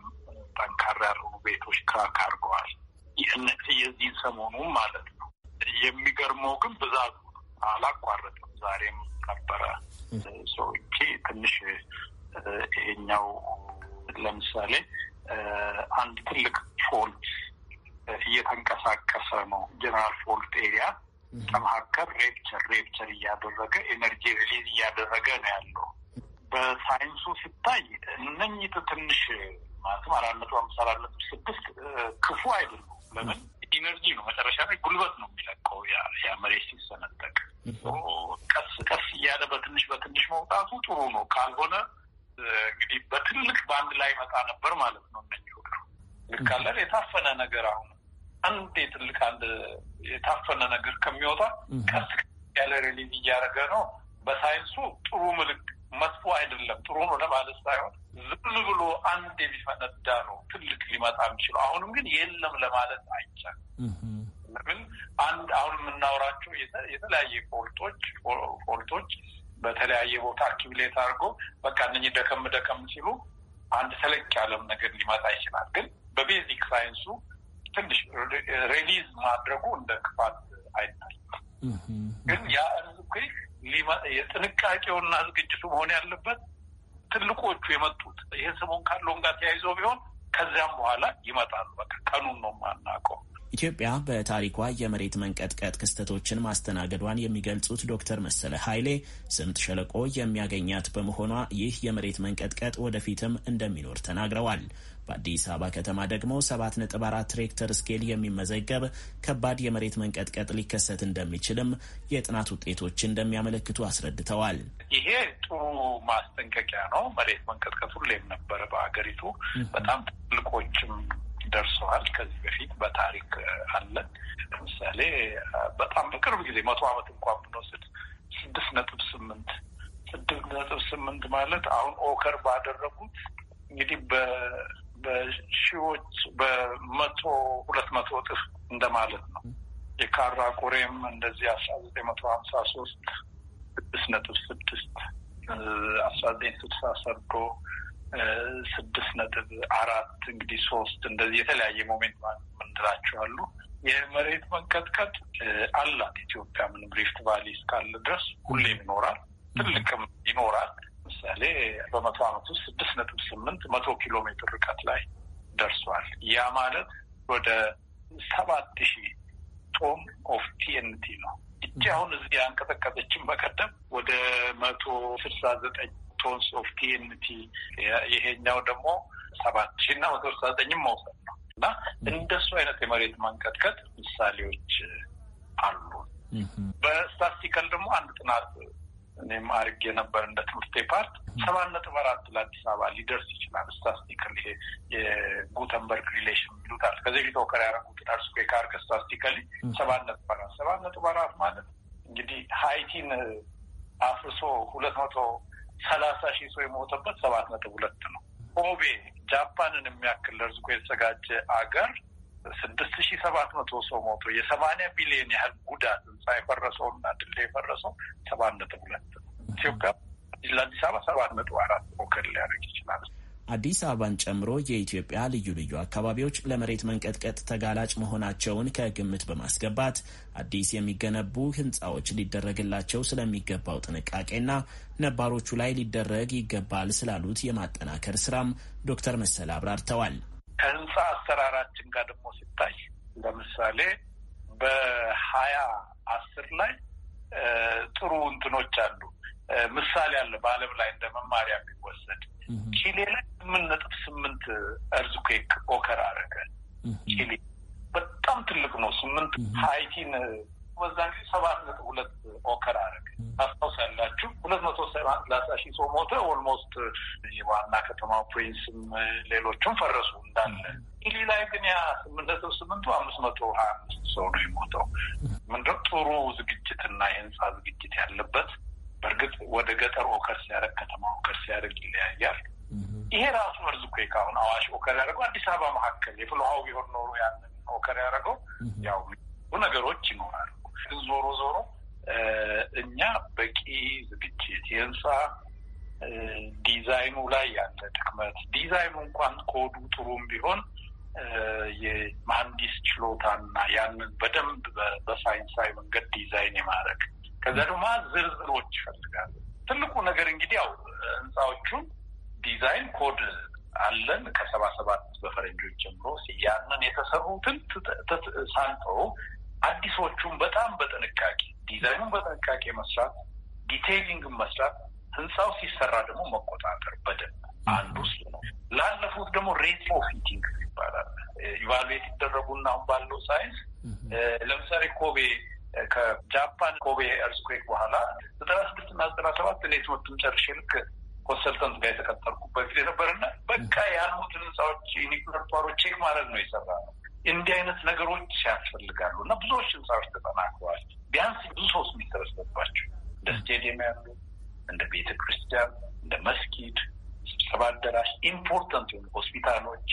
ጠንካራ ያልሆኑ ቤቶች ክራክ አድርገዋል። የዚህ ሰሞኑ ማለት ነው። የሚገርመው ግን ብዛቱ አላቋረጥም። ዛሬም ነበረ ሰዎች ትንሽ ይሄኛው ለምሳሌ አንድ ትልቅ ፎልት እየተንቀሳቀሰ ነው። ጀነራል ፎልት ኤሪያ ከመካከል ሬፕቸር ሬፕቸር እያደረገ ኤነርጂ ሪሊዝ እያደረገ ነው ያለው። በሳይንሱ ሲታይ እነኝህ ትንሽ ማለትም አራት አምሳ አራት ስድስት ክፉ አይደሉም ለምን ኢነርጂ ነው፣ መጨረሻ ላይ ጉልበት ነው የሚለቀው ያ መሬት ሲሰነጠቅ። ቀስ ቀስ እያለ በትንሽ በትንሽ መውጣቱ ጥሩ ነው። ካልሆነ እንግዲህ በትልቅ በአንድ ላይ መጣ ነበር ማለት ነው። እነ ልካለን የታፈነ ነገር አሁን አንድ የትልቅ አንድ የታፈነ ነገር ከሚወጣ ቀስ ያለ ሬሊዝ እያደረገ ነው። በሳይንሱ ጥሩ ምልክ መጥፎ አይደለም ጥሩ ነው ለማለት ሳይሆን ዝም ብሎ አንድ የሚፈነዳ ነው ትልቅ ሊመጣ የሚችለው። አሁንም ግን የለም ለማለት አይቻልም። ለምን አንድ አሁን የምናወራቸው የተለያየ ፎልቶች ፎልቶች በተለያየ ቦታ አኪሚሌት አድርጎ በቃ እነኚህ ደከም ደከም ሲሉ አንድ ተለቅ ያለም ነገር ሊመጣ ይችላል። ግን በቤዚክ ሳይንሱ ትንሽ ሬሊዝ ማድረጉ እንደ ክፋት አይታል። ግን ያ የጥንቃቄውና ዝግጅቱ መሆን ያለበት ትልቆቹ የመጡት ይህን ሰሞን ካለውን ጋር ተያይዘው ቢሆን ከዚያም በኋላ ይመጣሉ። በቃ ቀኑን ነው የማናውቀው። ኢትዮጵያ በታሪኳ የመሬት መንቀጥቀጥ ክስተቶችን ማስተናገዷን የሚገልጹት ዶክተር መሰለ ኃይሌ ስምጥ ሸለቆ የሚያገኛት በመሆኗ ይህ የመሬት መንቀጥቀጥ ወደፊትም እንደሚኖር ተናግረዋል። በአዲስ አበባ ከተማ ደግሞ 7.4 ሬክተር ስኬል የሚመዘገብ ከባድ የመሬት መንቀጥቀጥ ሊከሰት እንደሚችልም የጥናት ውጤቶች እንደሚያመለክቱ አስረድተዋል። ይሄ ጥሩ ማስጠንቀቂያ ነው። መሬት መንቀጥቀጥ ሁሌም ነበረ በአገሪቱ በጣም ትልቆችም ደርሰዋል። ከዚህ በፊት በታሪክ አለን። ለምሳሌ በጣም በቅርብ ጊዜ መቶ ዓመት እንኳን ብንወስድ ስድስት ነጥብ ስምንት ስድስት ነጥብ ስምንት ማለት አሁን ኦከር ባደረጉት እንግዲህ በሺዎች በመቶ ሁለት መቶ እጥፍ እንደማለት ነው። የካራ ቁሬም እንደዚህ አስራ ዘጠኝ መቶ ሀምሳ ሶስት ስድስት ነጥብ ስድስት አስራ ዘጠኝ ስድሳ ሰርዶ ስድስት ነጥብ አራት እንግዲህ ሶስት እንደዚህ የተለያየ ሞሜንት ምንድራቸው አሉ። የመሬት መንቀጥቀጥ አላት ኢትዮጵያ ምንም ሪፍት ቫሊ እስካለ ድረስ ሁሌም ይኖራል፣ ትልቅም ይኖራል። ምሳሌ በመቶ አመት ውስጥ ስድስት ነጥብ ስምንት መቶ ኪሎ ሜትር ርቀት ላይ ደርሷል። ያ ማለት ወደ ሰባት ሺህ ቶም ኦፍ ቲኤንቲ ነው። እጅ አሁን እዚህ አንቀጠቀጠችን በቀደም ወደ መቶ ስልሳ ዘጠኝ ቶንስ ኦፍ ቲኤንቲ ይሄኛው ደግሞ ሰባት ሺ እና መቶ ስልሳ ዘጠኝም መውሰድ ነው እና እንደሱ አይነት የመሬት መንቀጥቀጥ ምሳሌዎች አሉ። በስታስቲካል ደግሞ አንድ ጥናት እኔም አርግ የነበር እንደ ትምህርቴ ፓርት ሰባት ነጥብ አራት ለአዲስ አበባ ሊደርስ ይችላል። ስታስቲካል ይሄ የጉተንበርግ ሪሌሽን ይሉታል። ከዚህ ፊት ወከር ያደረጉት ዳርስ ከአርገ ስታስቲካሊ ሰባት ነጥብ አራት ሰባት ነጥብ አራት ማለት እንግዲህ ሀይቲን አፍርሶ ሁለት መቶ ሰላሳ ሺህ ሰው የሞተበት ሰባት ነጥብ ሁለት ነው። ኦቤ ጃፓንን የሚያክል ለእርዝቆ የተዘጋጀ አገር ስድስት ሺህ ሰባት መቶ ሰው ሞቶ የሰማንያ ቢሊዮን ያህል ጉዳት ህንፃ የፈረሰው እና ድልድይ የፈረሰው ሰባት ነጥብ ሁለት ነው። ኢትዮጵያ ለአዲስ አበባ ሰባት ነጥብ አራት ሞከል ሊያደርግ ይችላል። አዲስ አበባን ጨምሮ የኢትዮጵያ ልዩ ልዩ አካባቢዎች ለመሬት መንቀጥቀጥ ተጋላጭ መሆናቸውን ከግምት በማስገባት አዲስ የሚገነቡ ህንፃዎች ሊደረግላቸው ስለሚገባው ጥንቃቄና ነባሮቹ ላይ ሊደረግ ይገባል ስላሉት የማጠናከር ስራም ዶክተር መሰል አብራርተዋል። ከህንፃ አሰራራችን ጋር ደግሞ ሲታይ ለምሳሌ በሀያ አስር ላይ ጥሩ እንትኖች አሉ ምሳሌ አለ በዓለም ላይ እንደ መማሪያ የሚወሰድ ቺሌ ላይ ስምንት ነጥብ ስምንት እርዝኩዌክ ኦከር አረገ። ቺሌ በጣም ትልቅ ነው። ስምንት ሀይቲን በዛን ጊዜ ሰባት ነጥብ ሁለት ኦከር አደረገ። ታስታውሳላችሁ ሁለት መቶ ሰላሳ ሺህ ሰው ሞተ። ኦልሞስት ዋና ከተማ ፕሪንስም ሌሎቹም ፈረሱ እንዳለ። ቺሊ ላይ ግን ያ ስምንት ነጥብ ስምንቱ አምስት መቶ ሀያ አምስት ሰው ነው የሞተው። ምንድነው ጥሩ ዝግጅትና የህንፃ ዝግጅት ያለበት በእርግጥ ወደ ገጠር ኦከር ሲያደርግ ከተማ ኦከር ሲያደርግ ይለያያል። ይሄ ራሱ መርዝ እኮ ካሁን አዋሽ ኦከር ያደረገው አዲስ አበባ መካከል የፍልሃው ቢሆን ኖሮ ያንን ኦከር ያደረገው ያው ነገሮች ይኖራሉ። ግን ዞሮ ዞሮ እኛ በቂ ዝግጅት የህንፃ ዲዛይኑ ላይ ያለ ድክመት ዲዛይኑ እንኳን ኮዱ ጥሩም ቢሆን የመሀንዲስ ችሎታና ያንን በደንብ በሳይንሳዊ መንገድ ዲዛይን የማድረግ ከዛ ደግሞ ዝርዝሮች ይፈልጋሉ። ትልቁ ነገር እንግዲህ ያው ህንፃዎቹን ዲዛይን ኮድ አለን ከሰባ ሰባት በፈረንጆች ጀምሮ ያንን የተሰሩትን ሳንቶ አዲሶቹን በጣም በጥንቃቄ ዲዛይኑን በጥንቃቄ መስራት፣ ዲቴይሊንግን መስራት፣ ህንፃው ሲሰራ ደግሞ መቆጣጠር በደንብ አንዱ ስ ነው። ላለፉት ደግሞ ሬትሮ ፊቲንግ ይባላል። ኢቫሉዌት ይደረጉና አሁን ባለው ሳይንስ ለምሳሌ ኮቤ ከጃፓን ኮቤ ኤርስኩዌክ በኋላ ዘጠና ስድስት እና ዘጠና ሰባት እኔ ትምህርቱን ጨርሼ ልክ ኮንሰልተንት ጋር የተቀጠርኩበት ጊዜ ነበርና በቃ ያሉትን ህንፃዎች የኒኩለር ፓሮ ቼክ ማድረግ ነው የሰራ ነው። እንዲህ አይነት ነገሮች ያስፈልጋሉ እና ብዙዎች ህንፃዎች ተጠናክረዋል። ቢያንስ ብዙ ሰውስ የሚሰበሰብባቸው እንደ ስቴዲየም ያሉ እንደ ቤተ ክርስቲያን፣ እንደ መስጊድ፣ ስብሰባ አዳራሽ፣ ኢምፖርታንት የሆኑ ሆስፒታሎች፣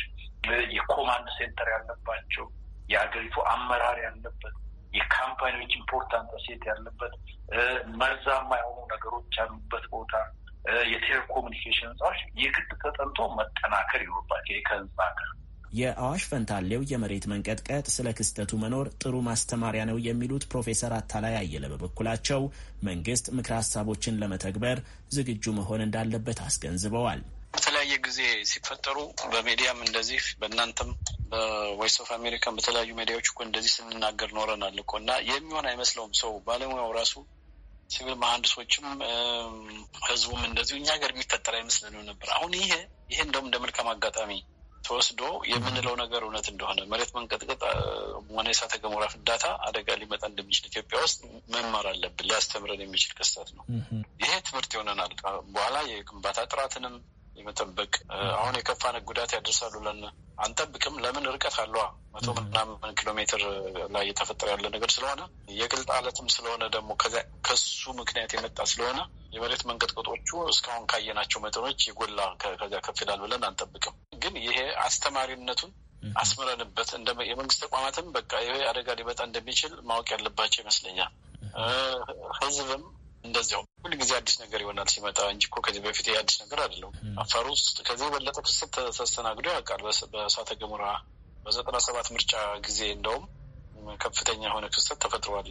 የኮማንድ ሴንተር ያለባቸው የሀገሪቱ አመራር ያለበት የካምፓኒዎች ኢምፖርታንት አሴት ያለበት መርዛማ የሆኑ ነገሮች ያሉበት ቦታ የቴሌኮሙኒኬሽን ህንፃዎች የግድ ተጠንቶ መጠናከር ይኖርባቸው ከህንፃ ጋር የአዋሽ ፈንታሌው የመሬት መንቀጥቀጥ ስለ ክስተቱ መኖር ጥሩ ማስተማሪያ ነው የሚሉት ፕሮፌሰር አታላይ አየለ በበኩላቸው መንግስት ምክረ ሀሳቦችን ለመተግበር ዝግጁ መሆን እንዳለበት አስገንዝበዋል። በተለያየ ጊዜ ሲፈጠሩ በሚዲያም እንደዚህ በእናንተም በቮይስ ኦፍ አሜሪካን በተለያዩ ሚዲያዎች እኮ እንደዚህ ስንናገር ኖረናል እኮ እና የሚሆን አይመስለውም ሰው ባለሙያው ራሱ ሲቪል መሀንዲሶችም ህዝቡም እንደዚሁ እኛ ሀገር የሚፈጠር አይመስለንም ነበር። አሁን ይሄ ይሄ እንደውም እንደ መልካም አጋጣሚ ተወስዶ የምንለው ነገር እውነት እንደሆነ መሬት መንቀጥቀጥ ሆነ የእሳተ ገሞራ ፍንዳታ አደጋ ሊመጣ እንደሚችል ኢትዮጵያ ውስጥ መማር አለብን። ሊያስተምረን የሚችል ክስተት ነው። ይሄ ትምህርት ይሆነናል። በኋላ የግንባታ ጥራትንም የመጠበቅ አሁን የከፋነ ጉዳት ያደርሳሉ ለን አንጠብቅም። ለምን ርቀት አለዋ መቶ ምናምን ኪሎ ሜትር ላይ የተፈጠረ ያለ ነገር ስለሆነ የቅልጥ አለትም ስለሆነ ደግሞ ከሱ ምክንያት የመጣ ስለሆነ የመሬት መንቀጥቀጦቹ እስካሁን ካየናቸው መጠኖች የጎላ ከዚያ ከፍ ይላል ብለን አንጠብቅም። ግን ይሄ አስተማሪነቱን አስምረንበት የመንግስት ተቋማትም በቃ ይሄ አደጋ ሊመጣ እንደሚችል ማወቅ ያለባቸው ይመስለኛል። ህዝብም እንደዚያው ሁል ጊዜ አዲስ ነገር ይሆናል ሲመጣ እንጂ እኮ ከዚህ በፊት አዲስ ነገር አይደለም። አፋር ውስጥ ከዚህ የበለጠ ክስተት ተስተናግዶ ያውቃል። በእሳተ ገሞራ በዘጠና ሰባት ምርጫ ጊዜ እንደውም ከፍተኛ የሆነ ክስተት ተፈጥሯል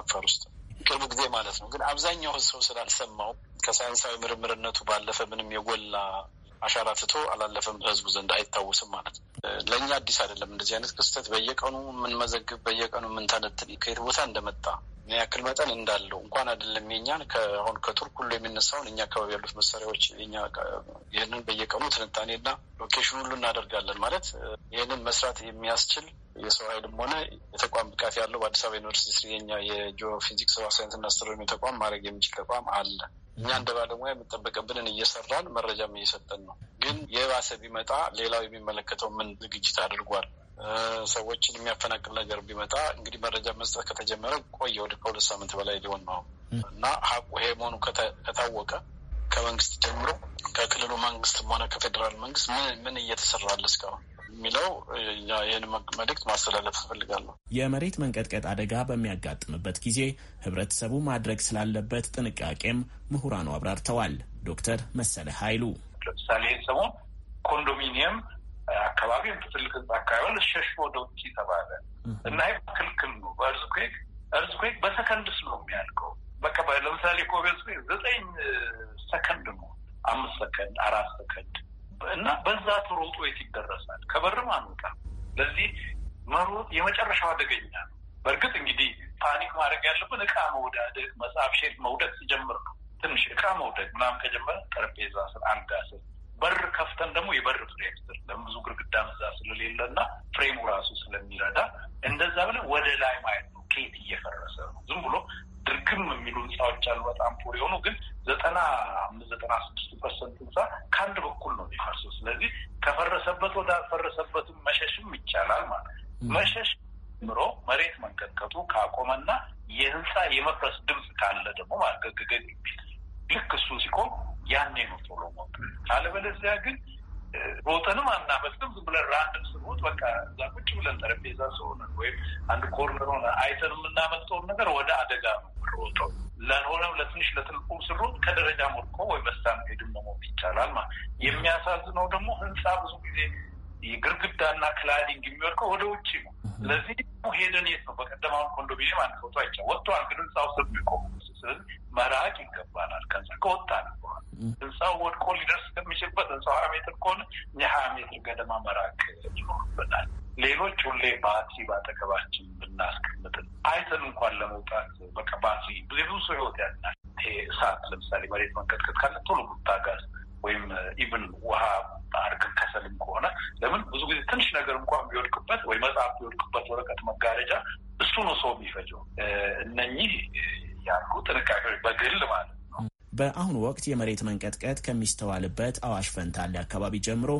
አፋር ውስጥ ቅርብ ጊዜ ማለት ነው። ግን አብዛኛው ሰው ስላልሰማው ከሳይንሳዊ ምርምርነቱ ባለፈ ምንም የጎላ አሻራ ትቶ አላለፈም፣ ህዝቡ ዘንድ አይታወስም ማለት ነው። ለእኛ አዲስ አይደለም። እንደዚህ አይነት ክስተት በየቀኑ የምንመዘግብ በየቀኑ የምንተነትን ከየት ቦታ እንደመጣ ምን ያክል መጠን እንዳለው እንኳን አይደለም የኛን ከአሁን ከቱርክ ሁሉ የሚነሳውን እኛ አካባቢ ያሉት መሳሪያዎች እኛ ይህንን በየቀኑ ትንታኔና ሎኬሽን ሁሉ እናደርጋለን። ማለት ይህንን መስራት የሚያስችል የሰው ኃይልም ሆነ የተቋም ብቃት ያለው በአዲስ አበባ ዩኒቨርሲቲ የኛ የጂኦፊዚክስ ሰባ ሳይንስና አስትሮኖሚ ተቋም ማድረግ የሚችል ተቋም አለ። እኛ እንደ ባለሙያ የምጠበቅብንን እየሰራን መረጃም እየሰጠን ነው። ግን የባሰ ቢመጣ ሌላው የሚመለከተው ምን ዝግጅት አድርጓል ሰዎችን የሚያፈናቅል ነገር ቢመጣ እንግዲህ መረጃ መስጠት ከተጀመረ ቆየ። ወደ ከሁለት ሳምንት በላይ ሊሆን ነው እና ሀቁ ይሄ መሆኑ ከታወቀ ከመንግስት ጀምሮ ከክልሉ መንግስትም ሆነ ከፌዴራል መንግስት ምን እየተሰራ እስካሁን የሚለው ይህን መልእክት ማስተላለፍ እፈልጋለሁ። የመሬት መንቀጥቀጥ አደጋ በሚያጋጥምበት ጊዜ ህብረተሰቡ ማድረግ ስላለበት ጥንቃቄም ምሁራኑ አብራርተዋል። ዶክተር መሰለ ኃይሉ ለምሳሌ ይህን ሰሞን ኮንዶሚኒየም አካባቢ ትልቅ ህንጻ አካባቢውን ሸሽፎ ወደ ውጭ ተባለ እና ይ ክልክል ነው። በእርዝኩዌክ እርዝኩዌክ በሰከንድስ ነው የሚያልቀው። በቃ ለምሳሌ ኮቤ እርዝኩዌክ ዘጠኝ ሰከንድ ነው፣ አምስት ሰከንድ፣ አራት ሰከንድ እና በዛ ትሮጦ የት ይደረሳል? ከበርም አንወጣም። ለዚህ መሮጥ የመጨረሻው አደገኛ ነው። በእርግጥ እንግዲህ ፓኒክ ማድረግ ያለብን እቃ መውዳደግ፣ መጽሐፍ ሼት መውደቅ ሲጀምር ነው። ትንሽ እቃ መውደቅ ምናምን ከጀመረ ጠረጴዛ ስር፣ አልጋ ስር በር ከፍተን ደግሞ የበር ፍሬም ስር ለብዙ ግርግዳ መዛ ስለሌለ እና ፍሬሙ ራሱ ስለሚረዳ እንደዛ ብለን ወደ ላይ ማየት ነው። ኬት እየፈረሰ ነው። ዝም ብሎ ድርግም የሚሉ ህንፃዎች አሉ። በጣም ፖር የሆኑ ግን ዘጠና አምስት ዘጠና ስድስቱ ፐርሰንት ህንፃ ከአንድ በኩል ነው የሚፈርሰው። ስለዚህ ከፈረሰበት ወደ አልፈረሰበትም መሸሽም ይቻላል ማለት መሸሽ ምሮ መሬት መንቀጥቀጡ ካቆመና የህንፃ የመፍረስ ድምፅ ካለ ደግሞ ማገገገግ የሚል ልክ እሱ ሲቆም ያኔ ነው ቶሎ ሞት። አለበለዚያ ግን ሮጠንም አናመልጥም። ዝም ብለን ራንድም ስንሞት በቃ እዛ ቁጭ ብለን ጠረጴዛ ሰሆነ ወይም አንድ ኮርነር ሆነ አይተን የምናመልጠውን ነገር ወደ አደጋ ነው ሮጠው ለሆነም ለትንሽ ለትልቁ ስሮጥ ከደረጃ ሞልቆ ወይ በስታን ሄድም መሞት ይቻላል ማለት። የሚያሳዝነው ደግሞ ህንፃ ብዙ ጊዜ ግርግዳና ክላዲንግ የሚወድቀው ወደ ውጭ ነው። ስለዚህ ሄደን የት ነው በቀደማውን ኮንዶሚኒየም አንድ ፎቶ አይቻ ወጥቷል፣ ግን ህንፃ ውስጥ የሚቆሙ መራቅ ይገባናል። ከዛ ከወጣን በኋላ ህንፃው ወድቆ ሊደርስ ከሚችልበት ህንፃው ሀያ ሜትር ከሆነ እኛ ሀያ ሜትር ገደማ መራቅ ይኖርበታል። ሌሎች ሁሌ ባሲ በአጠገባችን ብናስቀምጥን አይተን እንኳን ለመውጣት በቃ ባሲ ብዙ ሰው ህይወት ያድናል። ይሄ እሳት ለምሳሌ መሬት መንቀጥቀጥ ካለ ቶሎ ቡታ ጋዝ ወይም ኢቭን ውሃ አድርገን ከሰልም ከሆነ ለምን ብዙ ጊዜ ትንሽ ነገር እንኳን ቢወድቅበት ወይ መጽሐፍ ቢወድቅበት፣ ወረቀት፣ መጋረጃ እሱ ነው ሰው የሚፈጀው እነኚህ እያሉ ጥንቃቄዎች በግል ማለት ነው። በአሁኑ ወቅት የመሬት መንቀጥቀጥ ከሚስተዋልበት አዋሽ ፈንታሌ አካባቢ ጀምሮ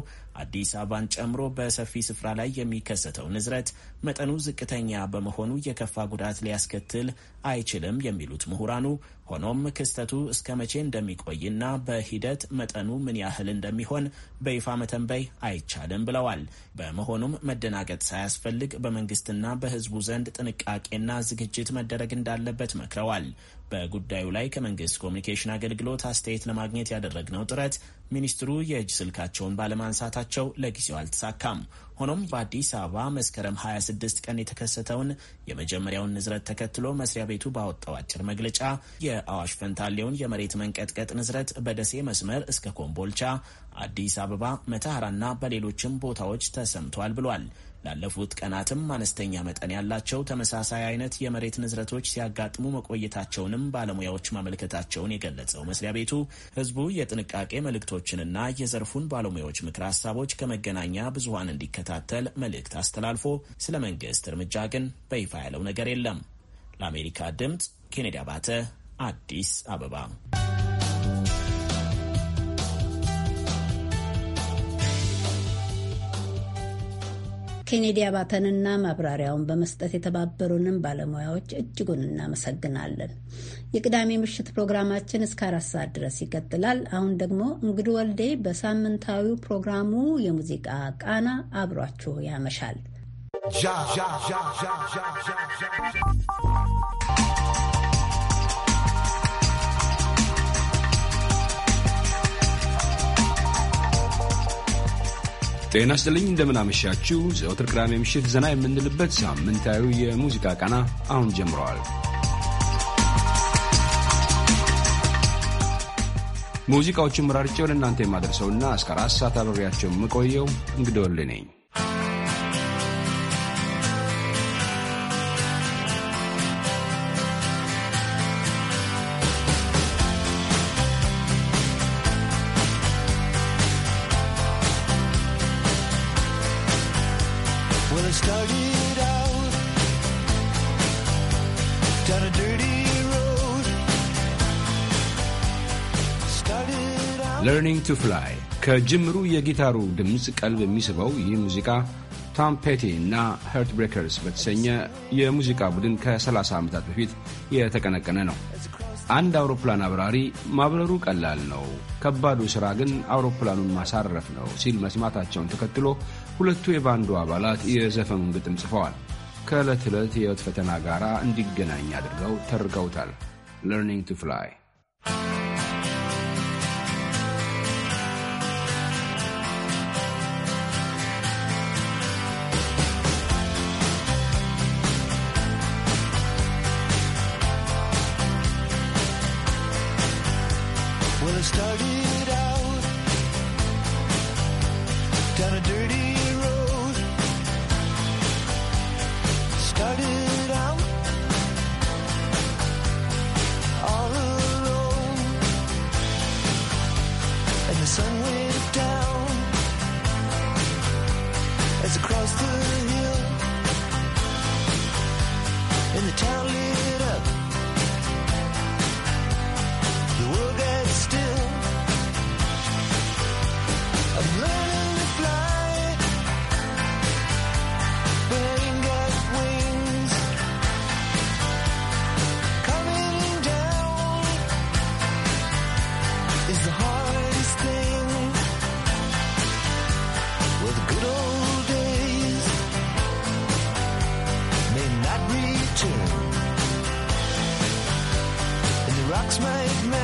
አዲስ አበባን ጨምሮ በሰፊ ስፍራ ላይ የሚከሰተው ንዝረት መጠኑ ዝቅተኛ በመሆኑ የከፋ ጉዳት ሊያስከትል አይችልም የሚሉት ምሁራኑ፣ ሆኖም ክስተቱ እስከ መቼ እንደሚቆይና በሂደት መጠኑ ምን ያህል እንደሚሆን በይፋ መተንበይ አይቻልም ብለዋል። በመሆኑም መደናገጥ ሳያስፈልግ በመንግስትና በህዝቡ ዘንድ ጥንቃቄና ዝግጅት መደረግ እንዳለበት መክረዋል። በጉዳዩ ላይ ከመንግስት ኮሚኒኬሽን አገልግሎት አስተያየት ለማግኘት ያደረግነው ጥረት ሚኒስትሩ የእጅ ስልካቸውን ባለማንሳታቸው ለጊዜው አልተሳካም። ሆኖም በአዲስ አበባ መስከረም 26 ቀን የተከሰተውን የመጀመሪያውን ንዝረት ተከትሎ መስሪያ ቤቱ ባወጣው አጭር መግለጫ የአዋሽ ፈንታሌውን የመሬት መንቀጥቀጥ ንዝረት በደሴ መስመር እስከ ኮምቦልቻ፣ አዲስ አበባ፣ መተሐራና በሌሎችም ቦታዎች ተሰምቷል ብሏል። ላለፉት ቀናትም አነስተኛ መጠን ያላቸው ተመሳሳይ አይነት የመሬት ንዝረቶች ሲያጋጥሙ መቆየታቸውንም ባለሙያዎች ማመልከታቸውን የገለጸው መስሪያ ቤቱ ህዝቡ የጥንቃቄ መልእክቶችንና የዘርፉን ባለሙያዎች ምክር ሀሳቦች ከመገናኛ ብዙሀን እንዲከታተል መልእክት አስተላልፎ ስለ መንግስት እርምጃ ግን በይፋ ያለው ነገር የለም። ለአሜሪካ ድምፅ ኬኔዲ አባተ አዲስ አበባ ኬኔዲ አባተንና ማብራሪያውን በመስጠት የተባበሩንም ባለሙያዎች እጅጉን እናመሰግናለን። የቅዳሜ ምሽት ፕሮግራማችን እስከ አራት ሰዓት ድረስ ይቀጥላል። አሁን ደግሞ እንግዱ ወልዴ በሳምንታዊው ፕሮግራሙ የሙዚቃ ቃና አብሯችሁ ያመሻል። ጤና ይስጥልኝ። እንደምናመሻችሁ ዘወትር ቅዳሜ ምሽት ዘና የምንልበት ሳምንታዊ የሙዚቃ ቃና አሁን ጀምረዋል። ሙዚቃዎቹን መራርጬ ለእናንተ የማደርሰውና እስከ አራት ሰዓት አብሬያቸው የምቆየው እንግዶልኔኝ started out down a dirty road. Started out Learning to Fly ከጅምሩ የጊታሩ ድምፅ ቀልብ የሚስበው ይህ ሙዚቃ ቶም ፔቲ እና ሄርት ብሬከርስ በተሰኘ የሙዚቃ ቡድን ከ30 ዓመታት በፊት የተቀነቀነ ነው። አንድ አውሮፕላን አብራሪ ማብረሩ ቀላል ነው፣ ከባዱ ሥራ ግን አውሮፕላኑን ማሳረፍ ነው ሲል መስማታቸውን ተከትሎ ሁለቱ የባንዱ አባላት የዘፈኑን ግጥም ጽፈዋል። ከዕለት ዕለት የሕይወት ፈተና ጋር እንዲገናኝ አድርገው ተርከውታል። ለርኒንግ ቱ ፍላይ Clocks make me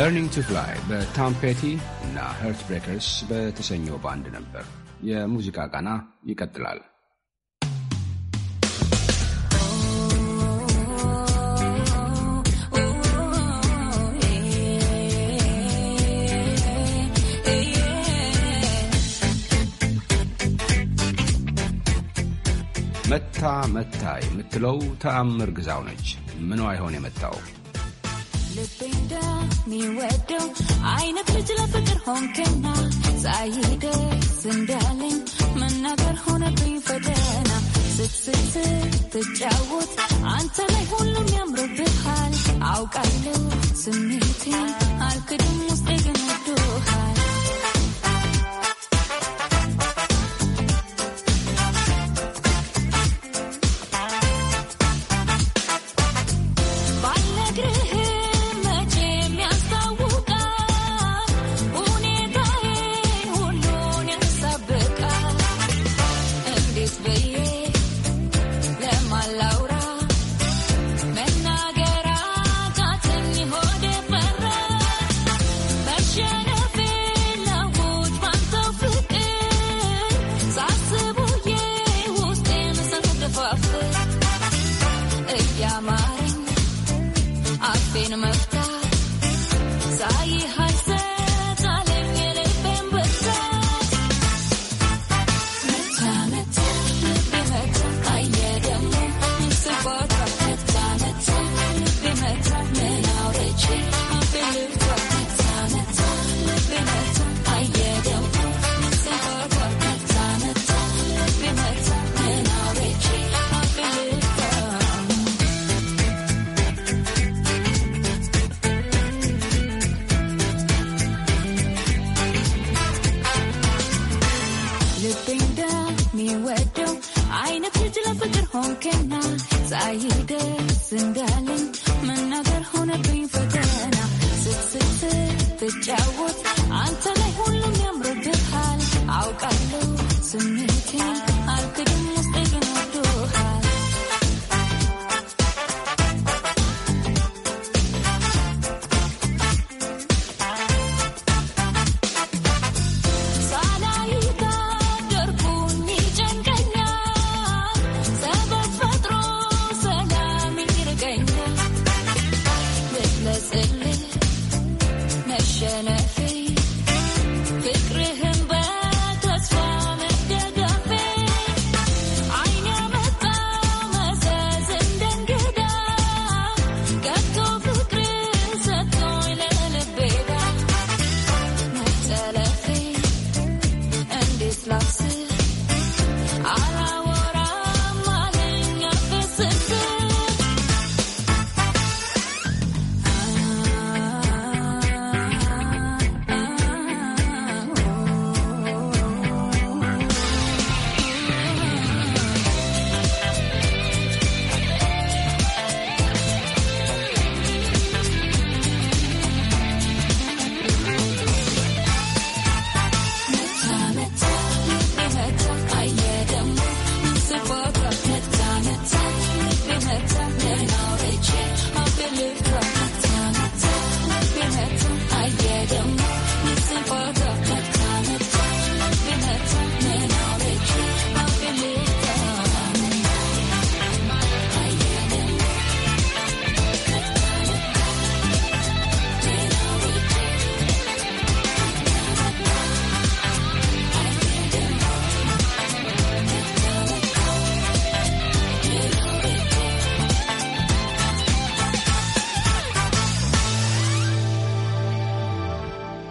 ለርኒንግ ቱ ፍላይ ፔቲ እና ሄርት ብሬከርስ በተሰኘው ባንድ ነበር። የሙዚቃ ቃና ይቀጥላል። መታ መታ የምትለው ተአምር ግዛው ነች። ምኗ ይሆን የመታው? የሚወደው አይነት ልጅ ለፍቅር ሆንክና ሳይደርስ እንዳለኝ መናገር ሆነብኝ ፈተና ስትስት ትጫወት አንተ ላይ ሁሉም ያምርብሃል አውቃለሁ ስሜቴን አልክድም ውስጤ ግን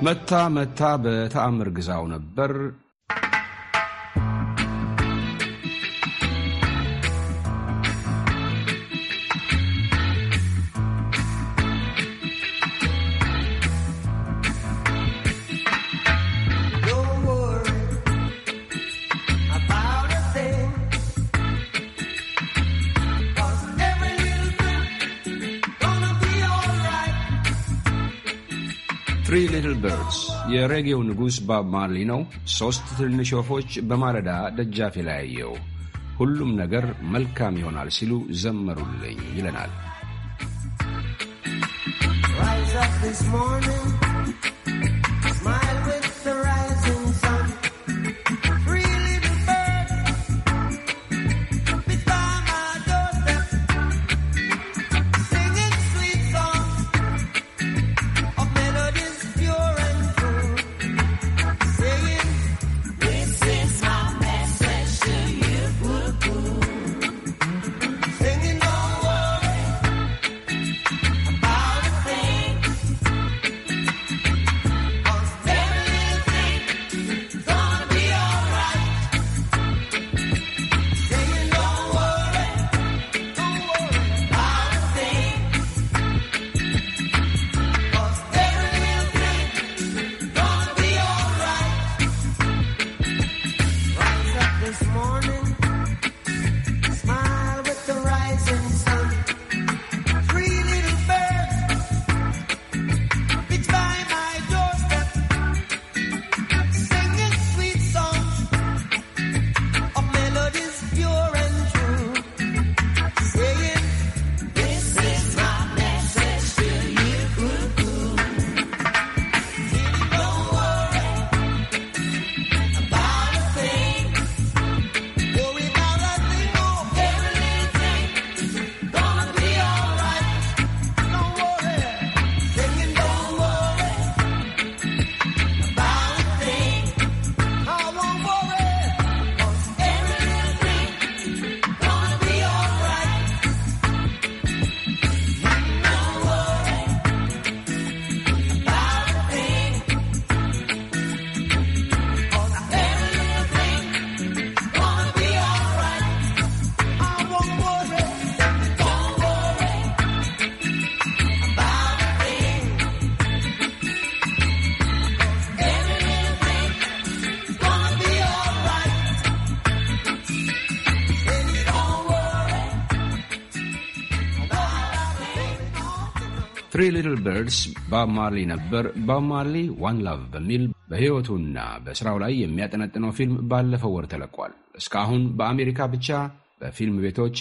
መታ መታ በተአምር ግዛው ነበር የሬጌው ንጉሥ ባብ ማርሊ ነው። ሦስት ትንንሽ ወፎች በማለዳ ደጃፌ ላይ አየው። ሁሉም ነገር መልካም ይሆናል ሲሉ ዘመሩልኝ ይለናል። Rise up this morning. በርድስ ባብ ማርሊ ነበር። ባብ ማርሊ ዋን ላቭ በሚል በሕይወቱና በሥራው ላይ የሚያጠነጥነው ፊልም ባለፈው ወር ተለቋል። እስካሁን በአሜሪካ ብቻ በፊልም ቤቶች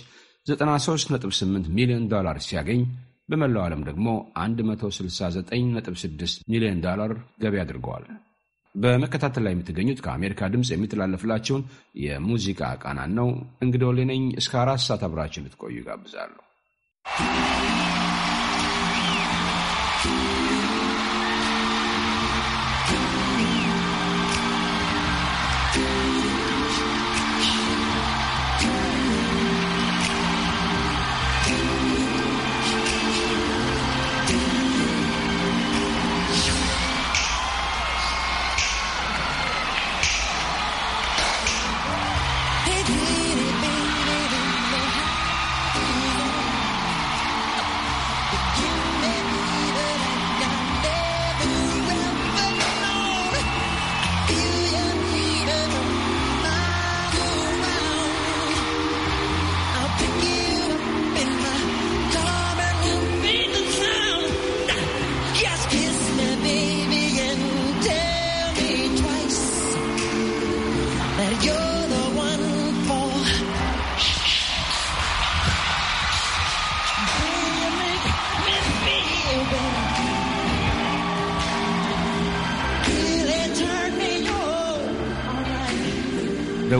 93.8 ሚሊዮን ዶላር ሲያገኝ በመላው ዓለም ደግሞ 169.6 ሚሊዮን ዶላር ገቢ አድርገዋል። በመከታተል ላይ የምትገኙት ከአሜሪካ ድምፅ የሚተላለፍላችሁን የሙዚቃ ቃናን ነው። እንግዲህ ሌነኝ እስከ አራት ሰዓት አብራችን ልትቆዩ ጋብዛለሁ።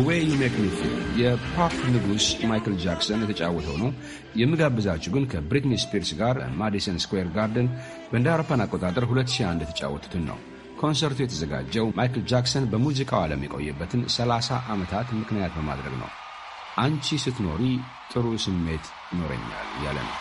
ዌይ ዩ ሜክ ሚ ፊል የፖፕ ንጉሥ ማይክል ጃክሰን የተጫወተው ነው። የምጋብዛችሁ ግን ከብሪትኒ ስፒርስ ጋር ማዲሰን ስኩዌር ጋርደን በእንደ አውሮፓን አቆጣጠር 2001 የተጫወቱትን ነው። ኮንሰርቱ የተዘጋጀው ማይክል ጃክሰን በሙዚቃው ዓለም የቆየበትን 30 ዓመታት ምክንያት በማድረግ ነው። አንቺ ስትኖሪ ጥሩ ስሜት ይኖረኛል ያለ ነው።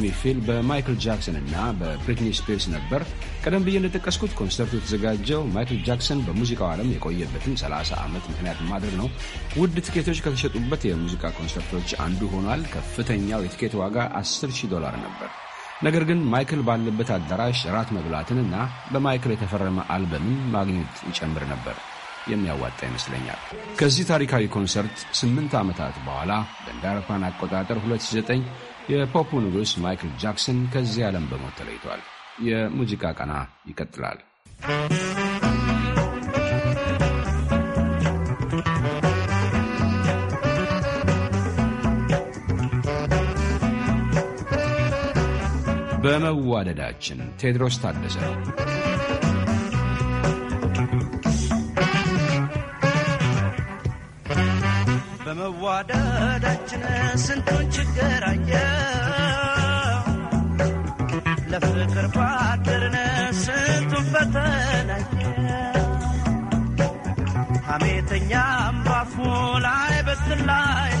ሜክ ሚ ፊል በማይክል ጃክሰን እና በብሪትኒ ስፒርስ ነበር። ቀደም ብዬ እንደጠቀስኩት ኮንሰርቱ የተዘጋጀው ማይክል ጃክሰን በሙዚቃው ዓለም የቆየበትን 30 ዓመት ምክንያት ማድረግ ነው። ውድ ትኬቶች ከተሸጡበት የሙዚቃ ኮንሰርቶች አንዱ ሆኗል። ከፍተኛው የትኬት ዋጋ 10,000 ዶላር ነበር። ነገር ግን ማይክል ባለበት አዳራሽ ራት እና በማይክል የተፈረመ አልበምን ማግኘት ይጨምር ነበር። የሚያዋጣ ይመስለኛል። ከዚህ ታሪካዊ ኮንሰርት ስምንት ዓመታት በኋላ በአውሮፓውያን አቆጣጠር 2009 የፖፑ ንጉሥ ማይክል ጃክሰን ከዚህ ዓለም በሞት ተለይቷል። የሙዚቃ ቀና ይቀጥላል። በመዋደዳችን ቴድሮስ ታደሰ መዋደዳችን ስንቱን ችግር አየ ለፍቅር ባደርን ስንቱን ፈተናየ ሐሜተኛም ባፉ ላይ በትን ላይ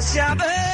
Shabbat.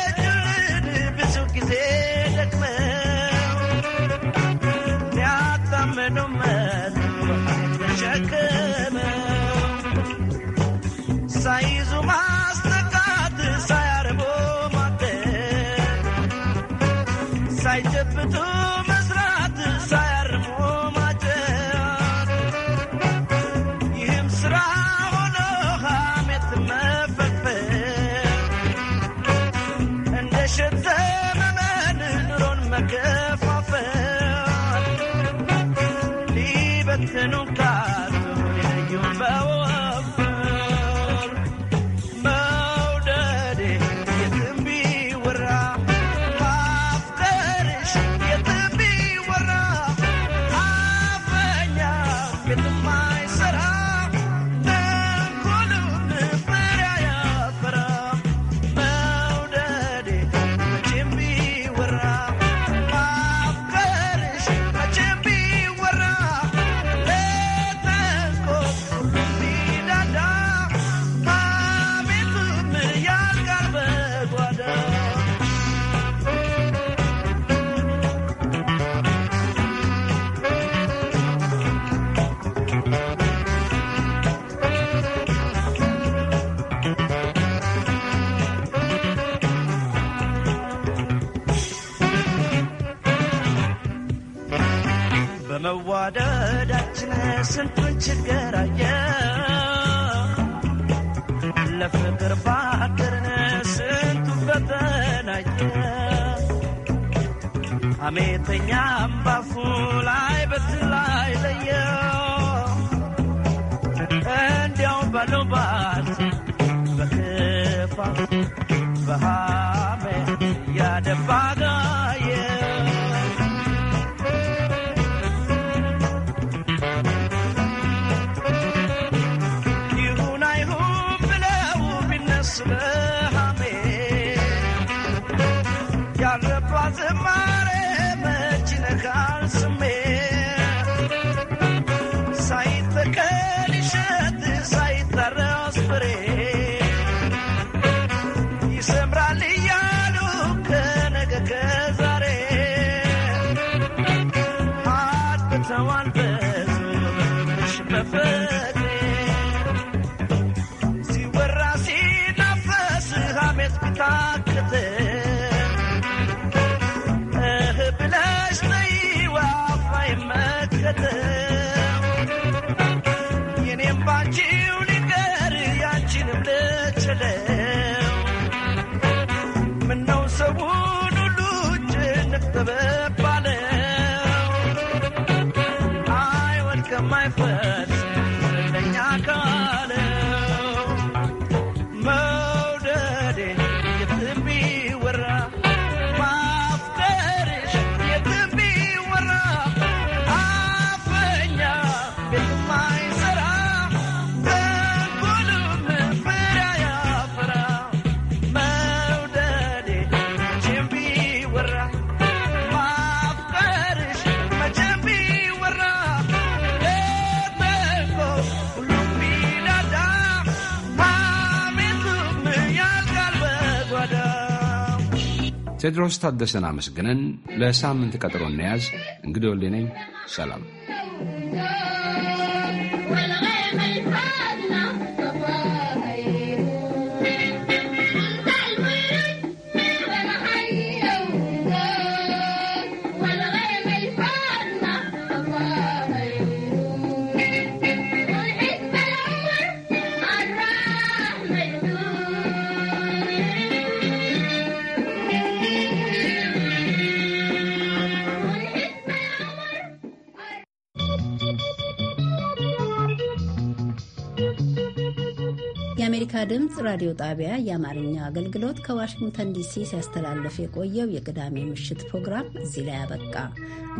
ቴድሮስ ታደሰን አመስግነን ለሳምንት ቀጠሮ እንያዝ። እንግዲህ ወሌ ነኝ። ሰላም። ድምፅ ራዲዮ ጣቢያ የአማርኛ አገልግሎት ከዋሽንግተን ዲሲ ሲያስተላለፍ የቆየው የቅዳሜ ምሽት ፕሮግራም እዚህ ላይ አበቃ።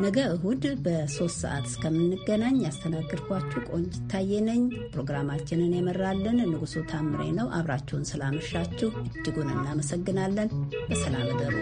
ነገ እሁድ በሶስት ሰዓት እስከምንገናኝ ያስተናግድኳችሁ ቆንጅ ታዬ ነኝ። ፕሮግራማችንን የመራልን ንጉሱ ታምሬ ነው። አብራችሁን ስላመሻችሁ እጅጉን እናመሰግናለን። በሰላም እደሩ።